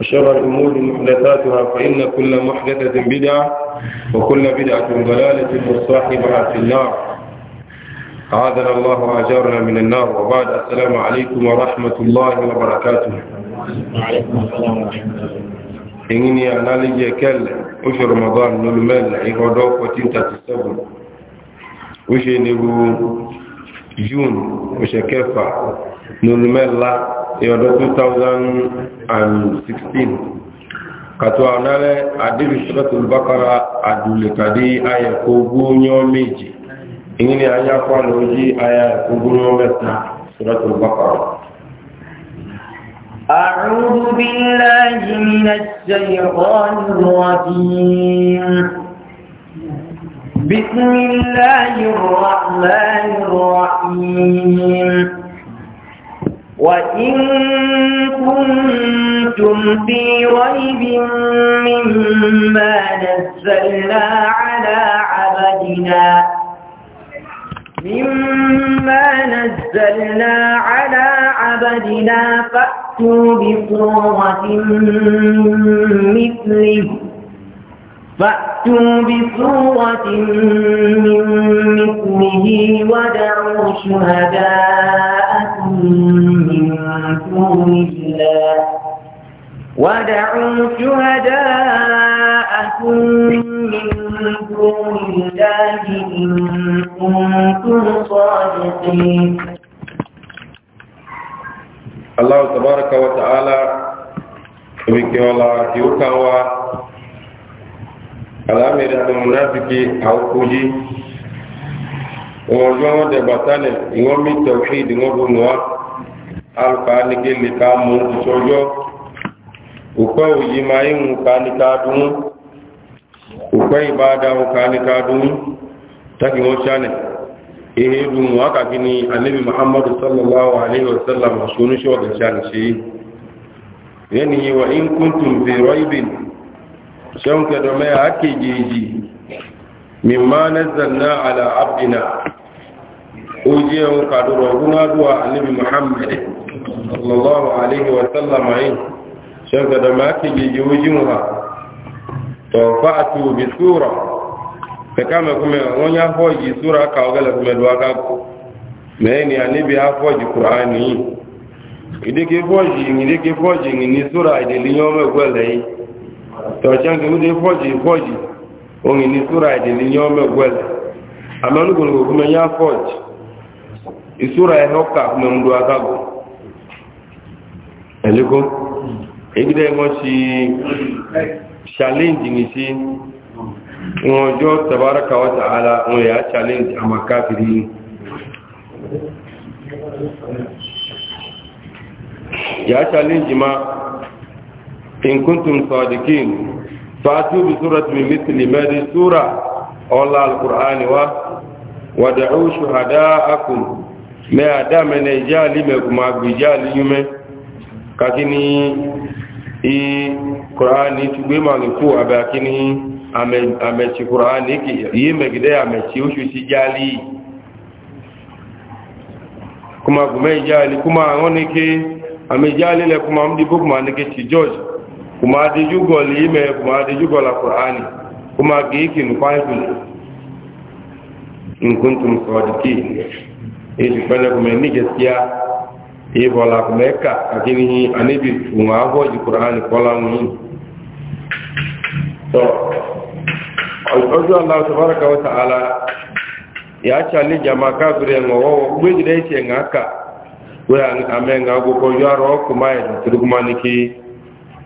وشر الأمور محدثاتها فإن كل محدثة بدعة وكل بدعة ضلالة وصاحبها في النار أعاذنا الله وأجارنا من النار وبعد السلام عليكم ورحمة الله وبركاته وعليكم السلام ورحمة الله إنني أنا لي كل وش رمضان نلمل إغدوك وتنتا تستبن وش نبو جون وش كفا nunumẹ́la ìyọ̀dọ̀ 2016 kàtò ànálẹ́ àdébì sọ́tún bákara àdúlẹ̀kàdé ayẹ̀kọ́ gbóyán méjì ìyí ni ayé afọ́nà ojí ayẹ̀kọ́ gbóyán mẹ́ta sọ́tún bákara أعوذ بالله من الشيطان الرجيم بسم الله الرحمن الرحيم وإن كنتم في ريب مما نزلنا على عبدنا مما نزلنا على عبدنا فأتوا بصورة من مثله فأتوا بسورة من مثله ودعوا شهداءكم من دون الله ودعوا شهداءكم من دون الله إن كنتم صادقين الله تبارك وتعالى ويكي ولا يوكا alamiri ati munafiki haukuji ŋɔjɔ ŋɔ dɛbatani ŋɔ mi tawhid ŋɔ bu nua aluka anike le ka mu sɔjɔ ukpɛ oyi ma yi ka ukpɛ ka taki ehe du muhammadu sallallahu alayhi wa sallam sunu si wa in shan ka dome ake geji mimma nazzalna ala abdina oje on ka do roguna duwa annabi muhammad sallallahu alaihi wa sallam ai shan ka dome ake geji ojin wa to fa'atu bi sura ka kama kuma wonya hoji sura ka ogala kuma duwa ka ko me ni annabi ha hoji qur'ani idike hoji idike hoji ni sura idiliyo me gwele yi tọ̀ọ̀ṣẹ́ tó dé fọ́jì fọ́jì ohun ìní súra èdè ní yọ́ mẹ́gbẹ́lẹ̀ àmẹ́lùgbòrò fún ẹyá fọ́jì ìsúra ẹ̀họ́kà mẹ́mdó akágò ẹ̀lẹ́kọ́ ìgbìdẹ̀ wọ́n ṣe challenge ní sí wọn jọ tàbáraka wata ala wọn yà challenge a makáfiri yà challenge ma in kuntum sadiqin fatu bi surati min mithli madi sura ola alqur'ani wa wad'u shuhada'akum me adame ne jali me kuma bijali yume kakini i qur'ani tugbe maliku abakini ame ame ci qur'ani ki yime gide ame ci ushu ci jali kuma gume jali kuma wonike ame jali le kuma mdi bukuma nike ci george kuma di jugol ime kuma di jugol alqur'ani kuma geeki nu bible in kuntum sadiqin e di fele kuma ni gaskiya e bola kuma ka akini hi anibi kuma go di qur'ani kola mu to ojo allah tabaraka wa ta'ala ya chali jama kabire ngowo gbe dire che ngaka we amenga go ko yaro kuma e turkumani ki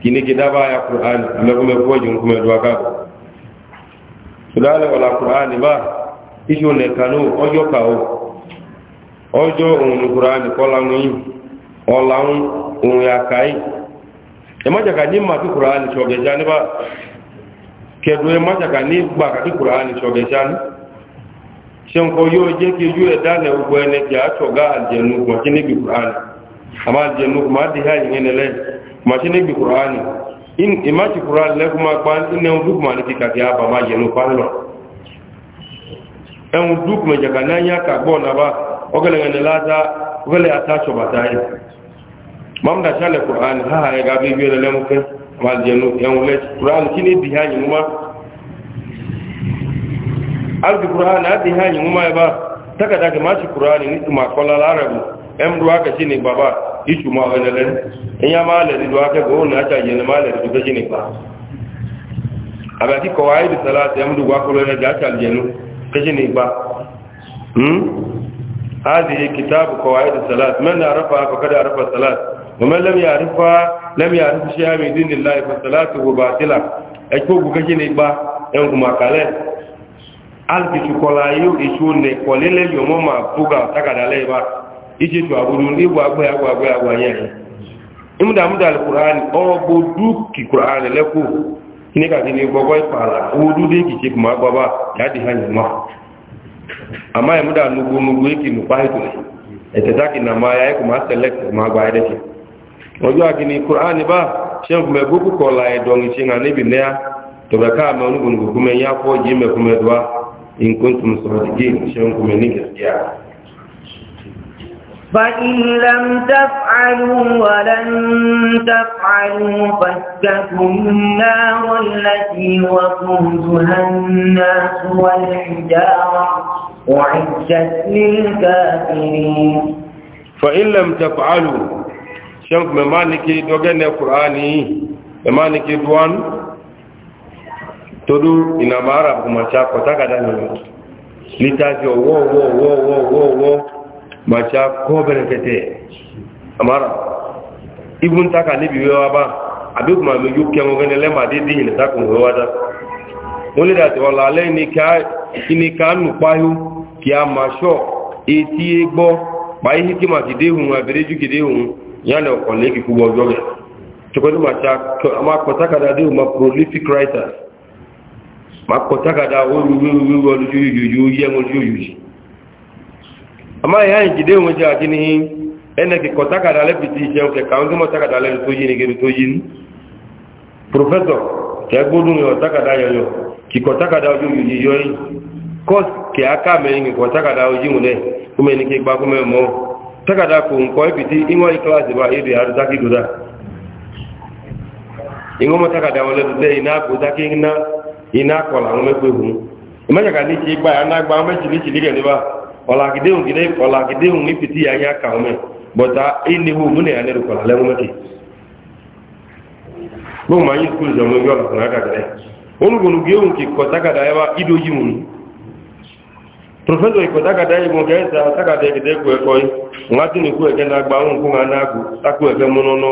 kini kidaba ya qur'an amekume kojun kume dua kabo sulale wala qur'an ba ijo ne kanu ojo kawo ojo un qur'an kola ngi ola un un ya kai e maja ka nimma ti qur'an choge jani ba ke do e maja ka ni gba ka ti qur'an choge jani shen ko yo je ki ju e dane ugwe ne ki a choga aljenu ko kini bi qur'an ama aljenu ma di ha yin ne le machine gbe qur'ani in imaji qur'an le kuma pa inne un dukuma ni kika ya ba ma je no pa lo en un dukuma je kana ya ka bo na ba o gele ngene la ta o gele ata so ba dai mam da chale qur'an ha ha ga bi bi le mu ke ma je no en le qur'an kini bi ha ni mu ma al qur'an ha bi ha ni mu ma ba taka da ga ma qur'an ni kuma kola arabu em ruwa ka shine baba ìtumọ̀ ẹnẹlẹ́ ìyá máa lẹ̀ dídú akẹ́kọ̀ọ́ òun náà ṣàyẹ̀ ní máa lẹ̀ dídú fẹ́ jìnnìpa àbẹ̀tí kọ̀wá ìdí sọ́lá tẹ́ mú dùgbà kọ́lọ́ ẹnẹ́gà ṣàlùjẹ̀nu fẹ́ jìnnìpa هذه كتاب قواعد الصلاة من عرفها فقد عرف الصلاة ومن لم يعرفها لم يعرف شيئا من دين الله فصلاته باطلة أجبوك كجين إبا ينكم أكالي alkitu kɔla yi isu ba ijetu abudu ibu agbe agbe agbe agbe anya yi imuda amuda anyị ọgbọ duki kurani lẹkọọ kini n'ịgbọgbọ ni gbọgbọ ipala wudu de kìí kuma gbọba ha nyuma ama imuda nugu nugu eki nupa eto ẹtẹta ma ya ekuma select kuma agba ẹdẹ ti ọjọ akini ba kọla ya فإن لم تفعلوا ولن تفعلوا فاتقوا النار التي وقودها الناس والحجارة أعدت للكافرين فإن لم تفعلوا شنك ممانك دوغن القرآن ممانك دوان تدو إنما عرب كما شاك وتاكدن لتاجي وو وو وو وو وو, وو macha ko berekete amara ibun taka ni biwe wa ba abi kuma me yukke mo gane lema de di ni takun ho wada woni da to la le ni ka ni ka nu payu ki a ma sho eti egbo ba ki ma ti de hun abere ju ki de ya na ko le ki ku bo joge to ko ni macha ama ko taka da ma prolific writer ma ko taka da wo ju ju ju ye ju ju ama ya yin gide mu ja gini ene ki ko taka dale biti je ke ka ngumo taka dale to yini ge to yini professor ke godun yo taka da yo yo ki ko taka da yo yi yo yi ko ke aka me ni ko taka da yo ne kuma gba kuma mo taka da ko ko e biti inwa i class ba e bi har zaki guda ingo mo taka da wala de ina ko zaki ina ina ko la mo pe hu ti gba na gba mo ti ni ba ọ̀làgídéhùn gídé ọ̀làgídéhùn ní pìtì uh, yà ń yà kàwọn mẹ́ bọ̀tà ìníhù múnẹ̀ yà lẹ́rù kọ̀là lẹ́wọ́n mẹ́tì gbọ́n máa yín skul zọmọ yọ ọ̀làkùnrin àgàgẹ́rẹ́ olùgbòlù géhùn kì kọ̀ tágàdá yà wá ìdó yìí wù professor ìkọ̀ tágàdá yìí mọ̀ kẹ́ẹ̀sà tágàdá ẹ̀kẹ́dẹ́ kú ẹ̀kọ́ yìí wọ́n á ti ní kú ẹ̀kẹ́ náà gba ohun kóhun anáàgù tákù ẹ̀kẹ́ múnáná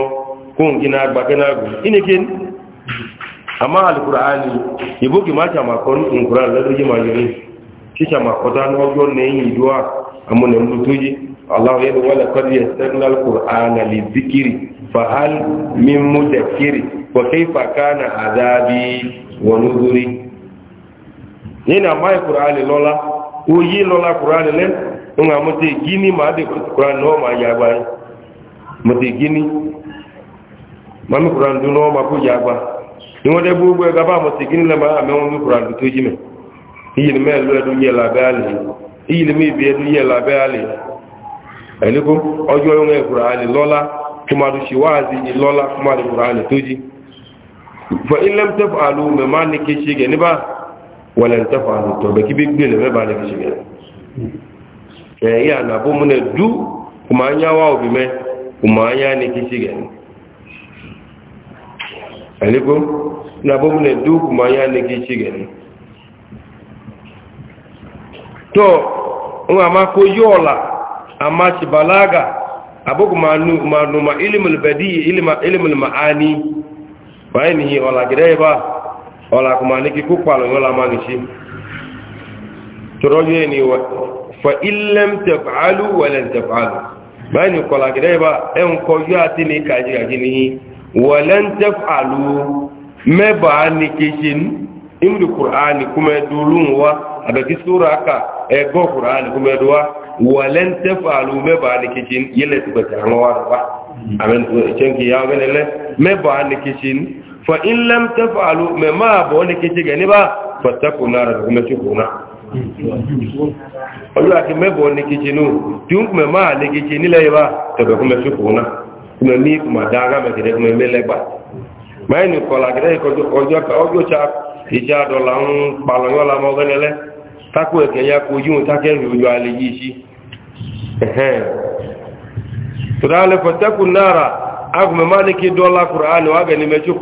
kisha makota ni ojo ne yin duwa amune mlutuji allah yadu wala qad yastanna alqur'ana lidhikri fa hal min mudakkiri wa kayfa kana adhabi wa nudhuri nina mai qur'ani lola oyi lola qur'ani le nga mote gini ma de qur'an no ma ya gba mote gini mami qur'an du no ma ko ya gba ni won de gbogbo e ga ba mote gini le ma ame won mi qur'an du toji me iyili mɛ ɛlu ɛdu yɛ labɛ ali iyili mɛ ibi ɛdu yɛ labɛ ali ɛliko ɔdzɔ yɔ ŋa ɛkura ali lɔla kuma do yi lɔla kuma do ali todzi fɔ ilẹm tɛ fɔ alu mɛ maa ne kesi gɛ niba wala n tɛ alu tɔ bɛ kibi gbe lɛ mɛ ba ne kesi gɛ ɛ yi ana bo mu ne du kuma anya wa obi mɛ kuma anya ne kesi gɛ ɛliko na bo mu ne du kuma anya ne kesi gɛ. to nwa amako yola amma balaga abugu manu manu ma ilmul badi ilma ilmul maani bayni ola gireba ola kuma niki ku yola mangishi toroje ni wa fa illam taf'alu wa lan taf'alu bayni kola gireba en ko yati ni kaji wa lan taf'alu me ba ni imri qur'ani kuma dulun wa abaki sura aka e go qur'ani kuma duwa walan tafalu me ba ni kicin yele tuba kan wa amen cenki ya gane le me ba ni kicin fa in lam tafalu me ma bo ni kicin gani ba fataku nar kuma ci Allah ki me bo ni kicinu tun kuma ma ni kicin ni le ba to kuma ci kuma ni kuma daga me kire kuma me le mai ni kola gire ko ojo ojo cha ìjà àdọ̀là ń palọ̀yọ́ lamọ́ ọgẹ́nẹ́lẹ́ tákù ẹ̀kẹ́ ya kò yíò tákẹ́rì ojú alẹ́ yìí sí ẹ̀hẹ́n tó dáálẹ́ fọ̀tẹ́kù náà agùnmẹ̀ má ní kí dọ́lá kùránì wà gẹ̀ni mẹ́jú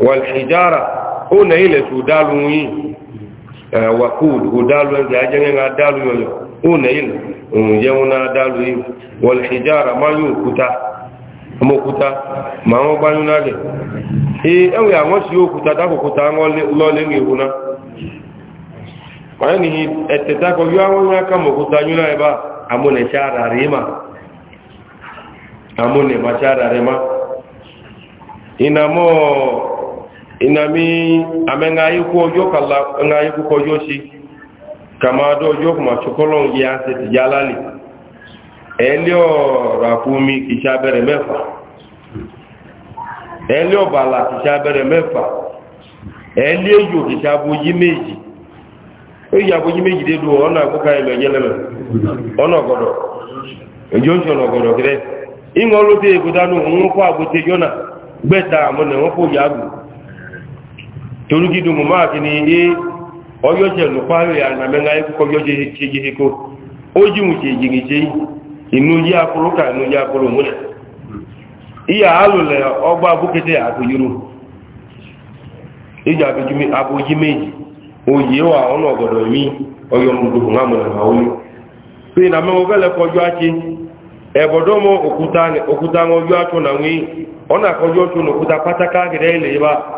kò ìjára ó nẹ̀ ilẹ̀ tó dálù Eh, wakud udalu ya ajenge na dalu yoyo une ile unje una dalu hiyo wal hijara mayu kuta mo kuta ma mo banu nage e ewe awon si okuta da kuta won lo le ni una maana ni eteta ko yo awon ya kama kuta nyuna eba amone shara rima amone machara rima inamo inami ame ŋa yi ko yo kala ŋa yi ko yo si kama do yo kuma chokolon ya se ti jalali elio rafumi kishabere mefa elio bala kishabere mefa elio yo kishabu yi meji o ya bo yi meji de do ona ko kai lo yele me ona godo ejo so no godo kire ingolo te ko danu nko agbote jona gbeta mo ne won ko yagu torugi dumu maa kini e oyo je lu paru ya na me ngai ko yo je je oji mu je je je inu ji akuru ka inu ji akuru mu ne iya alu le ɔgba bukete akuyuru ija bi jumi aboji meji oye wa ona ogodo mi oyo mu dumu ma mu na ma oyi pe na me o gele ko jo achi ebodo mo okuta ni okuta ngo jo na nwi ɔna ko jo acho no okuta pataka gere ile ba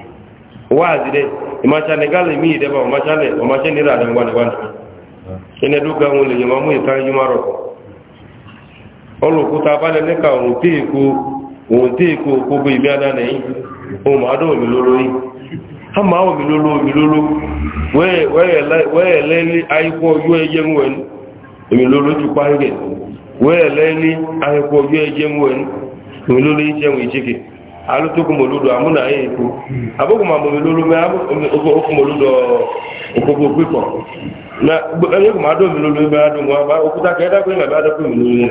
wazi de imachane gale mi de ba machane o machane ra de ngwane ngwane kene duka ngule nyoma mu ka nyumaro ka o ti yi ha ma o mi lolo mi lolo we we we le le je alụtụkomoludo amụna ya ekwu abụghị ma omelolome okomoludo okobokwekọ na e ma okwuta ka edakwe na adakwa omelolo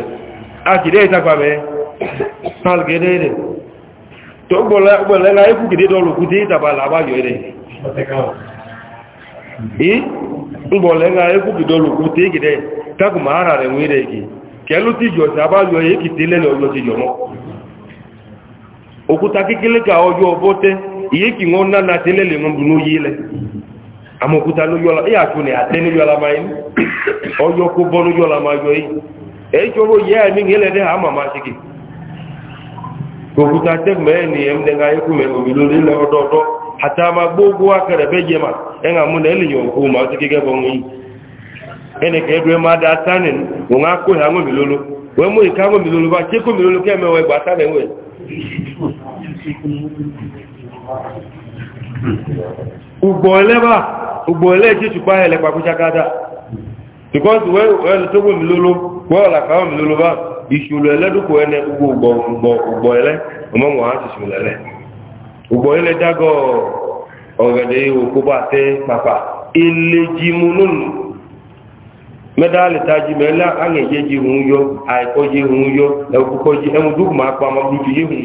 a jide ịtakwame palgedere to gbele na ekwu gide i mgbọle na ekwu gide òkúta kékeré ka ọjọ́ ọbọ́ tẹ́ ìyékì wọn nánà tí lẹ́lẹ̀ wọn bú lóyí lẹ àmọ́ òkúta ló yọ́la ẹ̀yà tó ní àtẹ́ ní yọ́la máa yìí ọjọ́ kó bọ́ ló yọ́la máa yọ yìí ẹ̀yí tó ló yẹ ẹ̀mí ìhẹ́lẹ̀ dẹ́ àmà máa ṣe kì òkúta tẹ́ mẹ́rin mẹ́rin òbí lórí lẹ́ ọdọọdọ àti àmà gbogbo akẹrẹ bẹ́ jẹ mà ẹ̀hà ugbọ̀ọ̀lẹ́bà ugbọ̀ọ̀lẹ́ tí ṣùgbà ẹ̀lẹ́ pàkúṣákádà because wẹ́ ẹ̀lẹ́ tó gbọ́ mi lóló wẹ́ ọ̀làkàwọ̀ mi lóló bá ìṣòlò ẹlẹ́dùkú ẹnẹ ugbọ̀ọ̀lẹ́ ọmọmọ̀ á ti ṣòlò ẹlẹ́ ugbọ̀ọ̀lẹ́ dágọ́ ọ̀gẹ̀dẹ̀ òkú bá yọ àìkọ́jẹ́ òun yọ ẹ̀kúkọ́jẹ́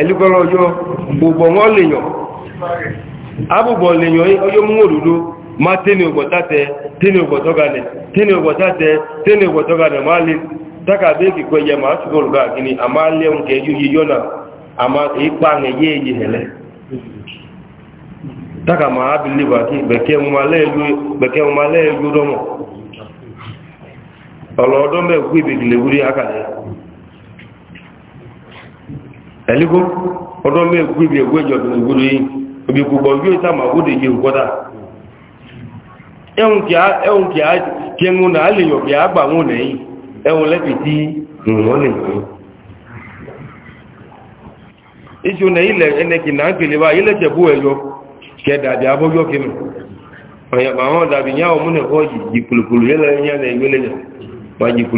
ẹ̀lúkọ́lọ́ ọjọ́ gbogbo wọn lèyàn abùbọ̀ lèyàn ọjọ́ mú òdòdó ma tẹ́ni ògbọ̀tátẹ tẹ́ni ògbọ̀tọ́gànẹ̀ tẹ́ni ògbọ̀tátẹ tẹ́ni lè yẹ a máa a máa ipa ẹ̀yẹ èyí hẹ̀lẹ̀ tákà máa bí lè bàtí bẹ̀kẹ́ wọn máa lẹ́ẹ̀lú wúrí ẹ̀lígbó ọdún mẹ́ẹ̀kú ibi ẹ̀gbọ́ ìjọdún ìgbòrò yìí obi gbogbo yóò sáàmà ó dè yìí nǹkọ́dá ẹ̀hùn kí á jẹun náà lè yọ̀ kí á gbà wọn nẹ̀yìn ẹ̀hùn lẹ́fì tí wọ́n lè yìí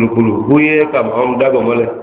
iṣu nẹ̀ ilẹ̀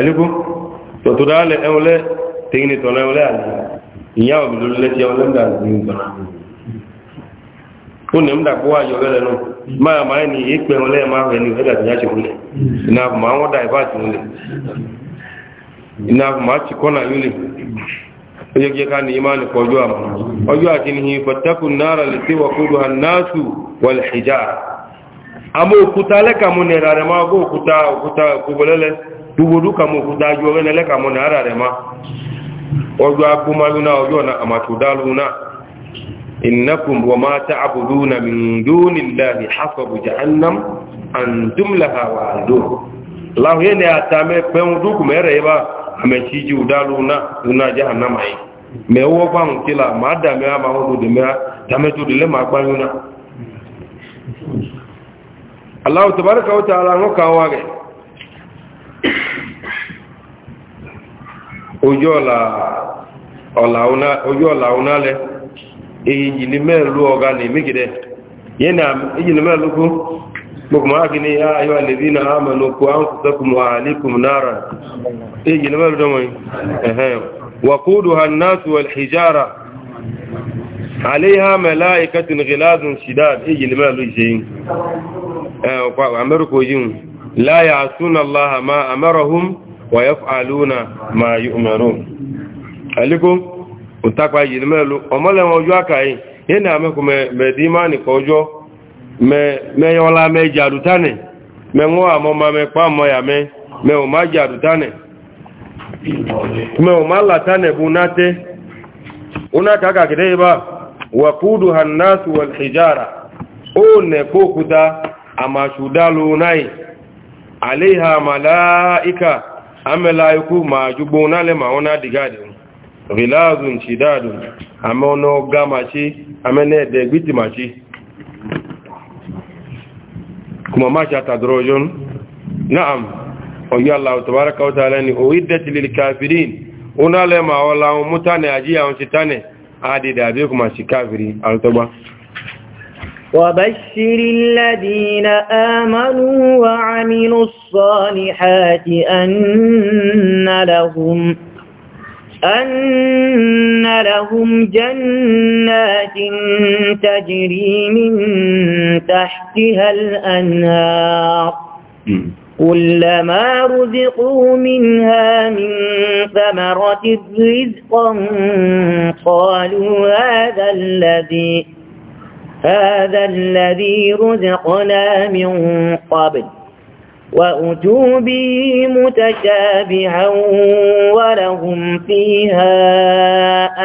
ẹ̀lẹ́kú tọ̀tọ̀ dáálẹ̀ ẹwọlẹ́ tẹ́yìnì tọ̀lẹ́ ẹwọlẹ́ àti ìyá òmìnir lẹ́tí ẹwọlẹ́ mdà nínú tọ̀lá ó ní mdà kó wáyọ ẹlẹ́ nù àti ní ìmá ní kọjú àmọ́ ọjọ́ àti ní wà òkúta lẹ́kàmú máa òkúta òkúta òkúbọ̀lẹ́lẹ́ duwodu kamo kudaju wene le kamo na ara rema ojo abumaluna ojo na amatudaluna innakum wa ma ta'buduna min dunillahi hasabu jahannam antum laha wa'idun lahu yene atame peun duku mere ba amechiji udaluna una jahannama yi me wo ba nkila ma da me ama ho du me tame tu dile ma gba yuna allah tabaaraka wa ta'ala ngo kawage ojú ọ̀là onálẹ̀ èyí mẹ́lú ọ̀gá ní mẹ́gidẹ̀ yẹ́nà èyí mẹ́lú kú gbogbo máa kí ní yá ayọ́ alèbí na ámàlò kú án kú sẹ́kùn wà alékùn náà èyí mẹ́lú dọ́mọ̀ wàkúdù hannásu alhijara aléhà mẹ́lá ikẹ́tìn gilazun shidad èyí mẹ́lú ويفعلون ما يؤمرون عليكم وتقوى يلملو امال وان جو اكاي هنا مكو مديماني كوجو me me yola me jarutane me ngwa mo ma me pa mo ya me me o ma jarutane me o ma latane bunate una kaka kideba waqudu hannas wal hijara une kokuta amela ikú ma jùgbọ́n náà lè ma wọ́n náà dìgáàdì rìláàzùn ṣìdáàdùn àmẹ́ ọ̀nà ọgá ma ṣe amẹ́nà ẹ̀dẹ̀ gbìtì ma ṣe kuma ma ṣe àtàdọ̀rọ̀ ọjọ́ náàm ọ̀yọ́ aláwọ̀ tàbára káwọ́ta وبشر الذين آمنوا وعملوا الصالحات أن لهم أن لهم جنات تجري من تحتها الأنهار كلما رزقوا منها من ثمرة رزقا قالوا هذا الذي هذا الذي رزقنا من قبل وأتوا به متشابها ولهم فيها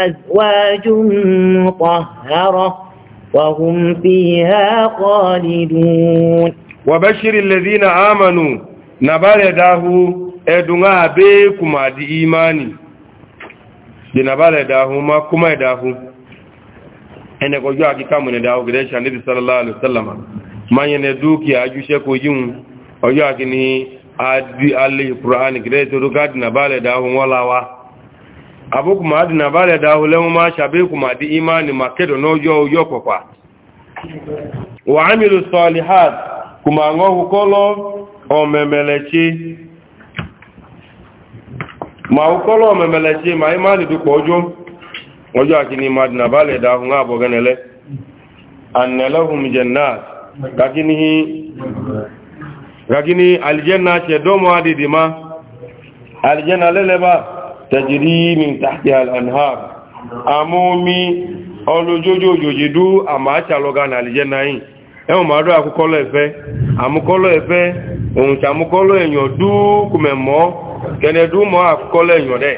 أزواج مطهرة وهم فيها خالدون وبشر الذين آمنوا نبالده أدنى بكم عد إيماني لنبالده ما كما يداه ene ko jo aki kamu ne dawo gede sha nabi sallallahu alaihi wasallam ni adi ali qur'an gede to rugad na bale dawo wala wa abu kuma na bale dawo le ma shabe kuma imani makedo no yo yo kwa wa amilu salihat kuma ngo kolo o memelechi ma ukolo o memelechi ma imani du ko ọjọ́ àkíní madina bá lè dáhùn ààbọ̀ gẹ́nẹ̀lẹ́ annalahum jannat gagini aljanna ṣe dọ́mọ adìdì ma aljanna lẹ́lẹ́bà tẹ̀jìrí min tàbí al'anhar amómi ọlójójójòjì dú àmà àṣàlọ́gá na aljanna yìí ẹwọ̀n máa dọ́ àkúkọ́lọ́ ẹ̀fẹ́ àmúkọ́lọ́ ẹ̀fẹ́ òun ṣàmúkọ́lọ́ èèyàn dúkùmẹ̀mọ́ kẹ́nẹ̀dúmọ́ àkúkọ́lọ́ èèyàn dẹ̀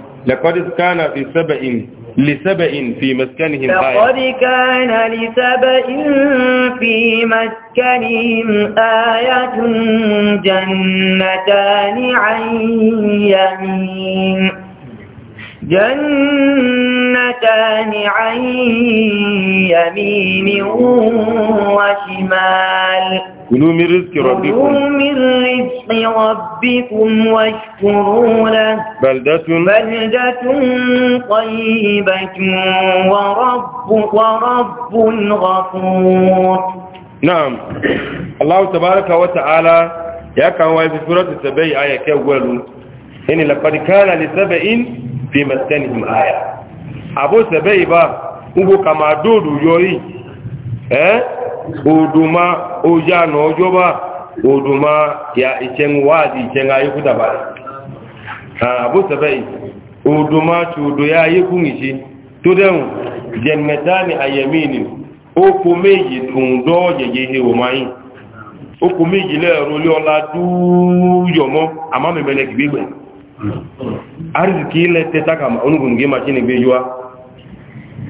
لقد كان في سبع لسبع في مسكنهم آية لقد كان لسبع في مسكنهم آية جنتان عن يمين جنتان عن يمين وشمال كلوا من رزق ربكم كلوا من رزق ربكم واشكروا له بلدة بلدة طيبة ورب ورب غفور نعم الله تبارك وتعالى يا كان في سورة السبع آية كأول إن لقد كان لسبع في مسكنهم آية أبو سبعي با أبو كما دودو يوري eh إيه؟ oduma oja na ọjọba oduma ya icen wadi icen ayyuku dabari abu sabai oduma cudo ya ayyuku ngishi to den jannatani ayamini oko meji tun do yeye hewo mayin oko meji lẹ́ẹ̀rọ lé ọlá dúúyọmọ́ àmámẹ̀mẹ́lẹ̀ gbígbẹ̀ arziki ilẹ̀ tẹ́ta kama onugun gí maṣínì gbé yíwá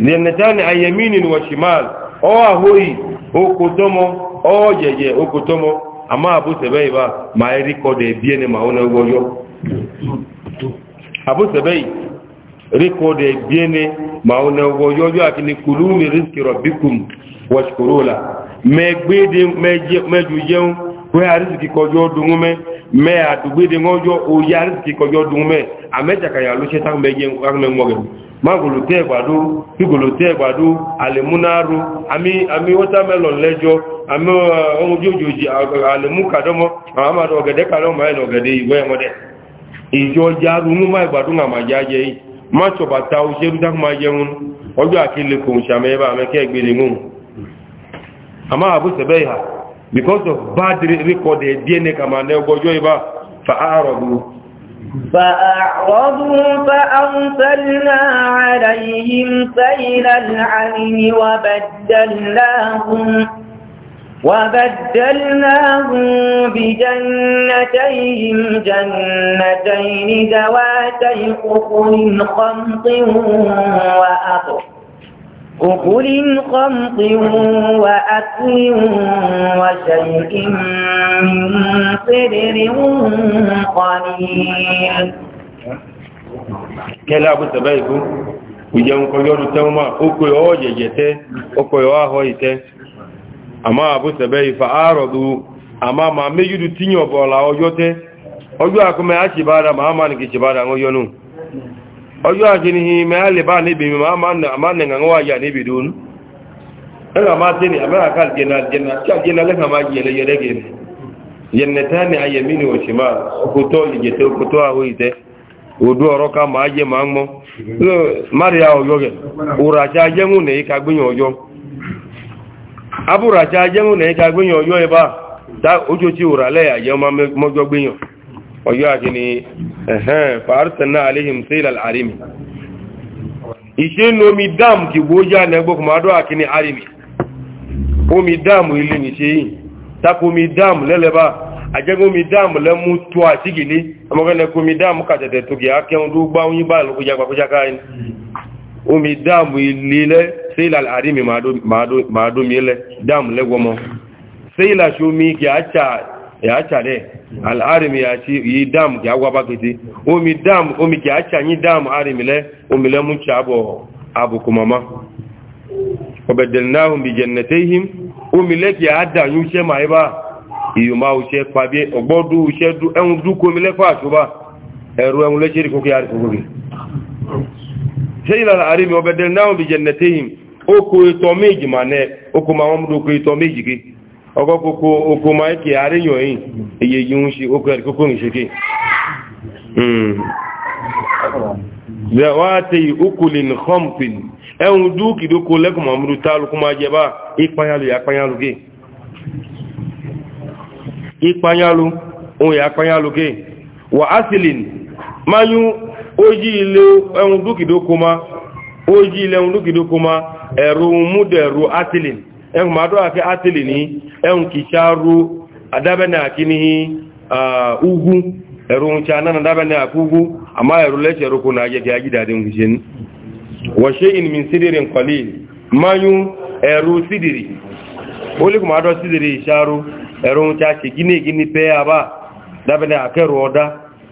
jannatani ayamini wa shimal ọwọ́ àhóyìí okotomo oyeye okotomo ama abusebe iba ma e record ebie ne ma ona woyo abusebe record ebie ne ma ona woyo yo akini kulumi rizqi rabbikum washkurula megbede meje meju jeun wee ariziki kọjọ dungu me me adugbede ŋɔjɔ oye ariziki kọjọ dungu me amedzaka a lusi ta me ye ŋkpɔkpɔ ŋmɔgɛ ma golo tɛ gbado fi golo tɛ gbado alimunaro ami ami watermelon lɛ jɔ ami ɔmu dzodzoji alimu ɔgɛdɛ ma gbado ŋa ma dza yɛ yi ta ma because of bad record their DNA kama na ogojo iba fa'aradu فأعرضوا فأرسلنا عليهم سيل العلم وبدلناهم وبدلناهم بجنتيهم جنتين ذواتي أكل خمط وأطر أكل خمط وأكل وشيء من صدر قليل kẹlẹ́ àbúta báyìí fún ìjẹun kọjọ́rù tẹ́wọ́má ókò ọ̀ jẹjẹ tẹ́ ókò ọ̀ ahọ́ ìtẹ́ àmá àbúta báyìí fa àárọ̀dù àmá ma méjìdù tíyàn bọ̀ọ̀lá ọjọ́ tẹ́ ọjọ́ àkọ́mẹ́ àṣìbára ma ọjọ́ àjínihi mẹ́alìbá níbi mọ́mánàwà yà níbi dún ẹgbà máa tẹ́ ni àbẹ́ràká jẹna tí a jẹna lẹ́gbà máa yẹlẹ yẹlẹ gẹ̀ẹ́nì yẹnẹta ni ayẹmí ni òṣìmá òkútọ́ ìjẹtẹ òkútọ́ àwọ ìtẹ́ odó ọ̀rọ̀ ká máa jẹ máa ń mọ́ maria ọjọ́ gẹ̀ òràṣà jẹ́mú ọjọ́ àti ni ẹ̀hẹ́n fàárísẹ̀nà aléhìm sí ilẹ̀ àrími ìṣẹ́ ní omi dáàmù kì gbó yá nẹgbọ́kùn máa dọ́ àkíní àrími omi dáàmù ilé nìṣẹ́ yìí tako omi dáàmù lẹ́lẹ́bá àjẹ́gbẹ́ omi dáàmù lẹ́mú tó àtígìlé ọmọkẹ́lẹ́kọ́ omi dáàmù kàtẹ̀tẹ̀ tó kìí akẹ́hùn tó gbá oyin bá omi dáàmù ilé sí ilẹ̀ àrími máa dómi ya chare al'arim ya ci yi dam ki agwa bakiti omi dam omi ki acha yi dam arimile omile mun ci abo abu kuma ma obedelnahum bi jannatayhim omile ki ada yun se mai ba iyo ma o se pa bi ogbodu ise du ehun du ko mile fa so ba eru ehun le shiri ko ki ari ko bi sayla al'arim obedelnahum bi jannatayhim o ko to meji mane o ko ma won do ko to meji ki ọkọ̀ kòkó oko maiki àríyàn yìí èyí yìí ń ṣe okò ẹ̀rì kókò ìṣẹ́kẹ́ hmm. zẹ̀wáàtẹ̀ ìhùkùlìn hàmpin ẹ̀hùn dúkìdókò lẹ́kùn mahmudu tálùkù máa jẹ bá ìpanyalu ìyàpanyalugé ìpanyalu ohun ìyàpanyalugé wà ásìlìn mayú ojí ilé ẹ̀hùn dúkìdókò ma ẹ̀rù múdẹ̀rù ásìlìn ẹ̀hùn máa dọ́wà kí átìlì ní ẹ̀hùn kì ṣáàrú adábẹ́nà àkí ní ugwu ẹ̀rùn ṣe anáà adábẹ́nà àkí ugwu àmá ẹ̀rù lẹ́ṣẹ̀ ẹ̀rù kò náà yẹ kí agídàdé ń ṣe ní wọ̀ṣẹ́ ìnmi sídìrì nkọ̀lì mayún ẹ̀rù sídìrì ó lè kò máa dọ́ sídìrì ṣáàrú ẹ̀rùn ṣe gínígíní pẹ́ abá adábẹ́nà àkẹ́rù ọ̀dá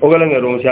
ó gẹ́lẹ́ ẹ̀rùn ṣe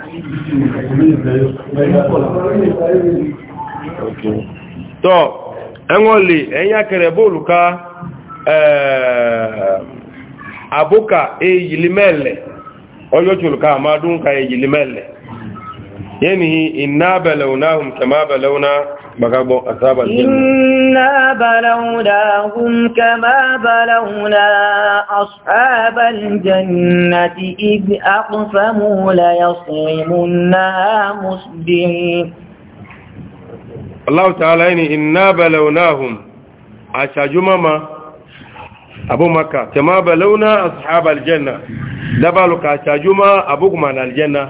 tọp ewụli eyakrebụlk eeabụka eilele eh, onyechulụka amaumka eyilimele ينهي إنا بلوناهم كما بلونا مغابو أصحاب الجنة إنا بلوناهم كما بلونا أصحاب الجنة إذ أقسموا ليصرمنها مصبرين الله تعالى ينهي إنا بلوناهم عشا جمما أبو مكة كما بلونا أصحاب الجنة دبالك عشاجو ما أبوكما الجنة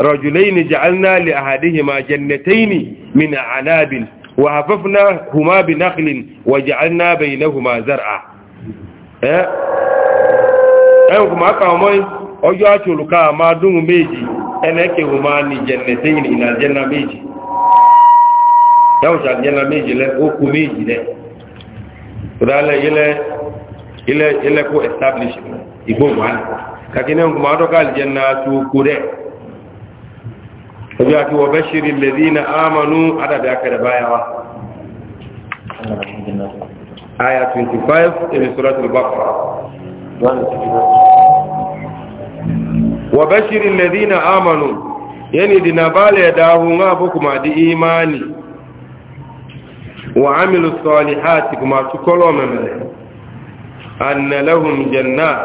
رجلين جعلنا لأحدهما جنتين من عناب وحففناهما بنخل وجعلنا بينهما زرعا ẹnkùnmá kàwọn ọjọ́ àtòlùká máa dúnmù méjì ẹnẹ́kẹ̀wò máa ní jẹ̀nẹ̀tẹ́yìn ìnàjẹ́nà méjì yàwùsà jẹ́nà méjì lẹ́ ókú méjì lẹ́ ìdálẹ̀ ilẹ̀ ilẹ̀kọ́ establishment ìgbóhùn wá kàkínẹ́kùnmá dọ́kà jẹ́nà tó kú rẹ̀ tabi ake wa bashirin lalzina amanu adabi aka da bayawa aya 25 in suratul baqara wa bashirin lalzina amanu yani dinabale dahu nga bukuma di imani wa amilu salihati kuma tukolo memele anna lahum jannat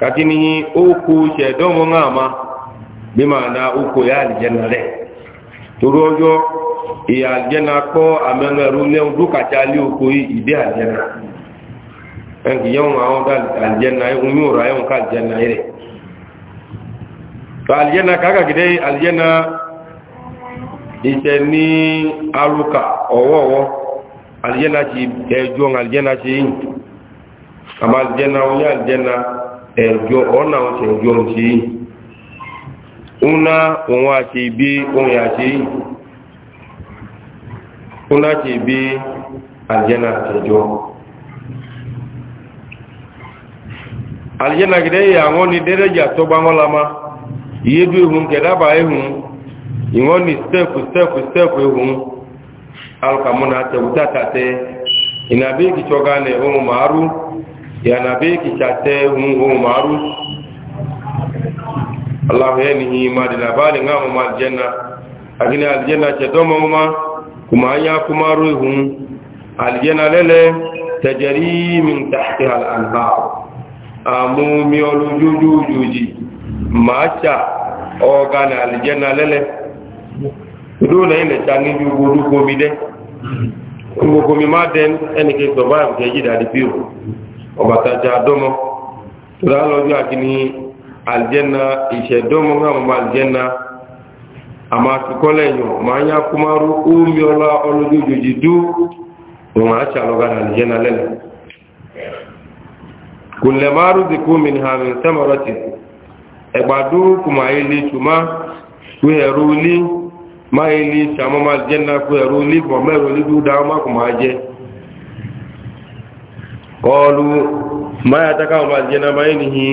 katini oku shedomo ngama bí máa na ukò ya àlìjẹ́nà rẹ̀ torí ọjọ́ ìyà àlìjẹ́nà kọ́ àmẹ́nu ẹ̀rú lẹ́hùn dúkàtà lé okò ìdí àlìjẹ́nà ẹnkì yẹ́hùn àwọn àlìjẹ́nà ẹ̀hùn yóò ra ẹ̀hùn ká àlìjẹ́nà rẹ̀ tó àlìjẹ́nà kákàkiri àlìjẹ́nà ìṣẹ́ ní alùkà ọ̀wọ́ọ̀wọ́ àlìjẹ́nà ti ẹjọ́ àlìjẹ́nà ti yìn àmà àlìjẹ́nà ó ní àlìjẹ́nà ọ̀nà ọ̀sẹ̀ ẹjọ́ ti yìn una òun àti ibi ohun àti una àti ibi àjẹ́nà àtẹjọ́ àjẹ́nà gẹ́gẹ́ yìí àwọn ni dẹ́rẹ́jà tó bá wọ́n lama ìyébí ihun kẹ̀dábà ihun ìwọ́n ni stẹ́ẹ̀kù stẹ́ẹ̀kù stẹ́ẹ̀kù ihun alùkàmúnà tẹ̀wútàtàtẹ́ ìnàbí ìkìtsọ́gá ohun màárù ìyànàbí ìkìtsàtẹ́ ohun màárù Allah ya nihi ma da labarin gama ma aljanna a gina aljanna ce doma kuma kuma an ya kuma ruhun aljanna lele ta jari min tahti al'anha a mu miyolu jujujuji ma ca oga na aljanna lele kudu na yin da cangi jugu dukomi de dukomi ma den enike survive ke ji da di biyu obata ja domo tura lọ́jọ́ àkíní aljanna ìṣẹ̀dọ́mọ́ hàn ma aljanna a ma ti kọ́lẹ̀ yàn ma ń yá kúmárú omi ọlá ọlójójòjì dú wọn a ṣàlọ́gá aljanna lẹ́lẹ̀ kùnlẹ̀ márù ti kú mi ní hàmì sẹ́mọ̀rọ̀tì ẹgbàdú kùmà ilé ṣùmá kú ẹ̀rú ní má ilé ṣàmọ́ ma aljanna kú ẹ̀rú ní bọ̀mẹ́rù ní dúdá má kùmà jẹ kọlu ma yàtàkà ma aljanna ma yìí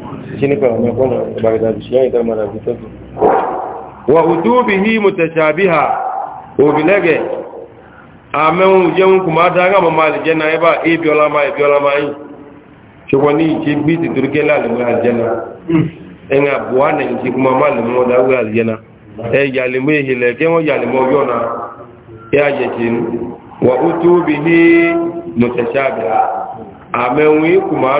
chini kwa wamekuwa bagdadishiani kama na vitoto wa utubihi mutashabiha ubilege amen jeun kuma ma mal eba ibiola ma ibiola ma yi chogoni chi biti turkela le ma janna enga buana na kuma mal mo wa janna e yale mo hile ke won yale ya wa mutashabiha amen kuma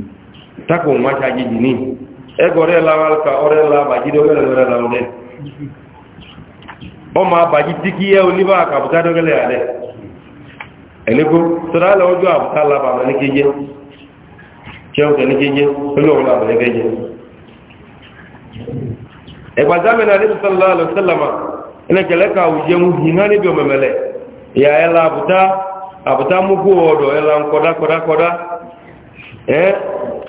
tako macha jiji ni egore la wal ka ore la baji jido gele ore la ode o ma ba jiti e oni ba ka buta do gele ade elego tora la ojo abuta la ba ma ni keje cheo ke ni keje lo la ba ni keje e ba zame na nabi sallallahu alaihi wasallam ina kele ka uje mu hingani bi o memele ya ela abuta abuta mu ko odo ela nkoda koda koda eh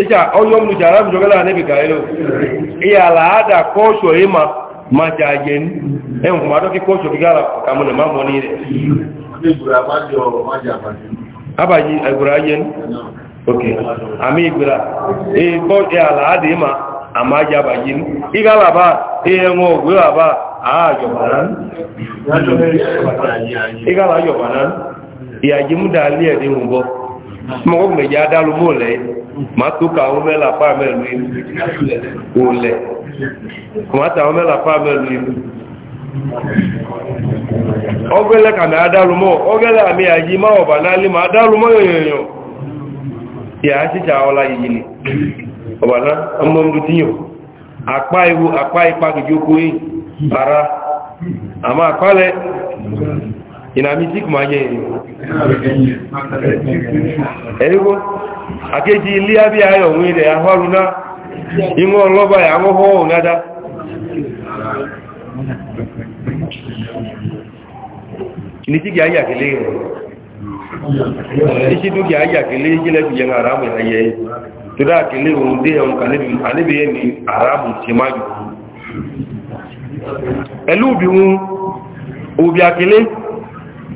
ịcha onye ọmụcha ara bụjọ gara anabi gaelo ịya ala ada kọsọ ịma ma ji aje enwe mmadụ gị kọsọ gị gara ka mụ na ma mụọ niile abaghị egwuru aje oke ama igwera e ee kọshọ ala ada ịma ama ji abaghị ịgala ba ihe nwe ogwe aba a ayọbara ịgala ajọbara. ìyàjí mú dáa lé ẹ̀dín mú bọ́ mọ́kọ́ mẹ́jẹ́ adálù mọ́ lẹ́ máa tó ka àwọn mẹ́la pa mẹ́lu ìlú òlẹ̀ máa tà àwọn mẹ́la pa mẹ́lu ìlú ọgbẹ́lẹ́ kàmẹ́ adálù mọ́ ọgbẹ́lẹ́ àmì àyí máa ọ̀bà náà lé máa mọ́ yòyòyò ìyà síta ọlá yìí ni ọ̀bà náà ọmọ ọmọ tíyàn àpá iwu àpá ipa kìí ina miti kuma yẹ ẹ̀rígbó àkéjì ilé àbí abi ayo ilẹ̀ ahọ́rùn náà inú ọlọ́bà àwọn ọ̀họ́ òun dada ní tí kí a yàkílé rẹ̀ ní tí dúkì a yàkílé jílẹ̀ fi ya àrámù ẹ̀yẹ tó dá àkílé òun dé ẹ̀hùn kàníbìyẹ ni àrámù ti máa jù ẹlú òbí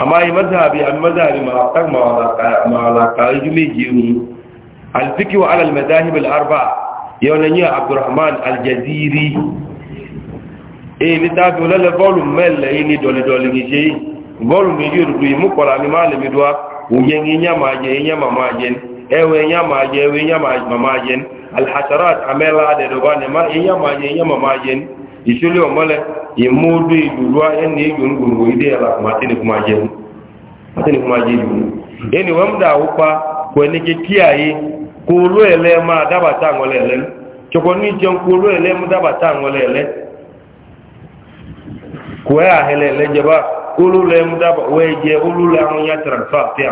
amma yi mazhabi an mazhabi ma'afar ma'alaka yi meji yi alfiki wa alal mazahib al'arba yau na yi abdurrahman aljaziri e littafi olele volume mẹ́lẹ̀ yìí ni dọ̀lẹ̀dọ̀lẹ̀ ní ṣe volume yìí rúdú yìí múkọ̀lá ní máa lè mi dúwá òye ní yá máa jẹ yá máa jẹ ẹwẹ yá máa jẹ ẹwẹ yá máa jẹ alhassarat amẹ́lá adẹ̀dọ̀gbá ní yá máa jẹ yá máa jẹ ìṣúlẹ̀ ọmọlẹ̀ yemodo idurua e ene eyo ngurwo ide ala kumatini kumaje matini kumaje idu ene wamda upa kwene kikiayi kulu ele ma daba tangolele chokoni jen kulu ele ma daba tangolele kwe ahelele jeba kulu le mu daba weje ulu le transfer ti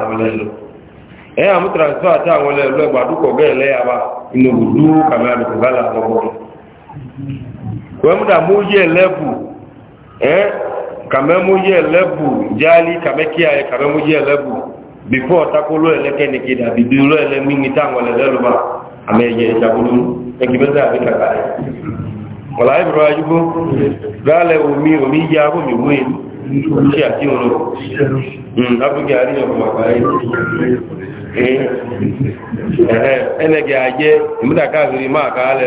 e amu transfer ko inu kamera ko eh kame mu ye lebu jali kame kia ye kame mu ye lebu before takolo eleke ni kida bidulo ele mingi tango le leluba ame ye jabulu ekibeza abi kakare wala ibro ayugo dale omi omi ya ko mi we ti ati oro mm abu gari yo ko kai eh eh ene ga je imda ka zuri ma ka le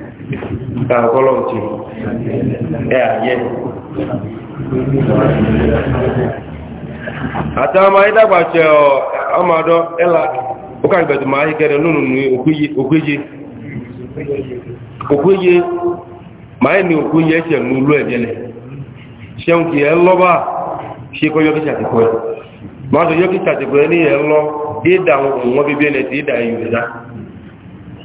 ọ̀kọ́lọ̀ ti ẹ̀ àyẹ́ àti ọmọ ìdàgbàṣẹ ọmọdọ́ ẹlà ọkàgbẹ̀tù máa ma lónù ní òkúyé òkúyé máa ní òkúyé ẹ̀ṣẹ̀ ní olú ẹ̀dẹ́lẹ̀ ṣeun kì ẹ lọ́bà ṣe kọ́ yọ́kíṣà ti kọ́ ẹ̀ máa sọ yọ́kíṣà ti kọ́ ẹ ẹ lọ dídà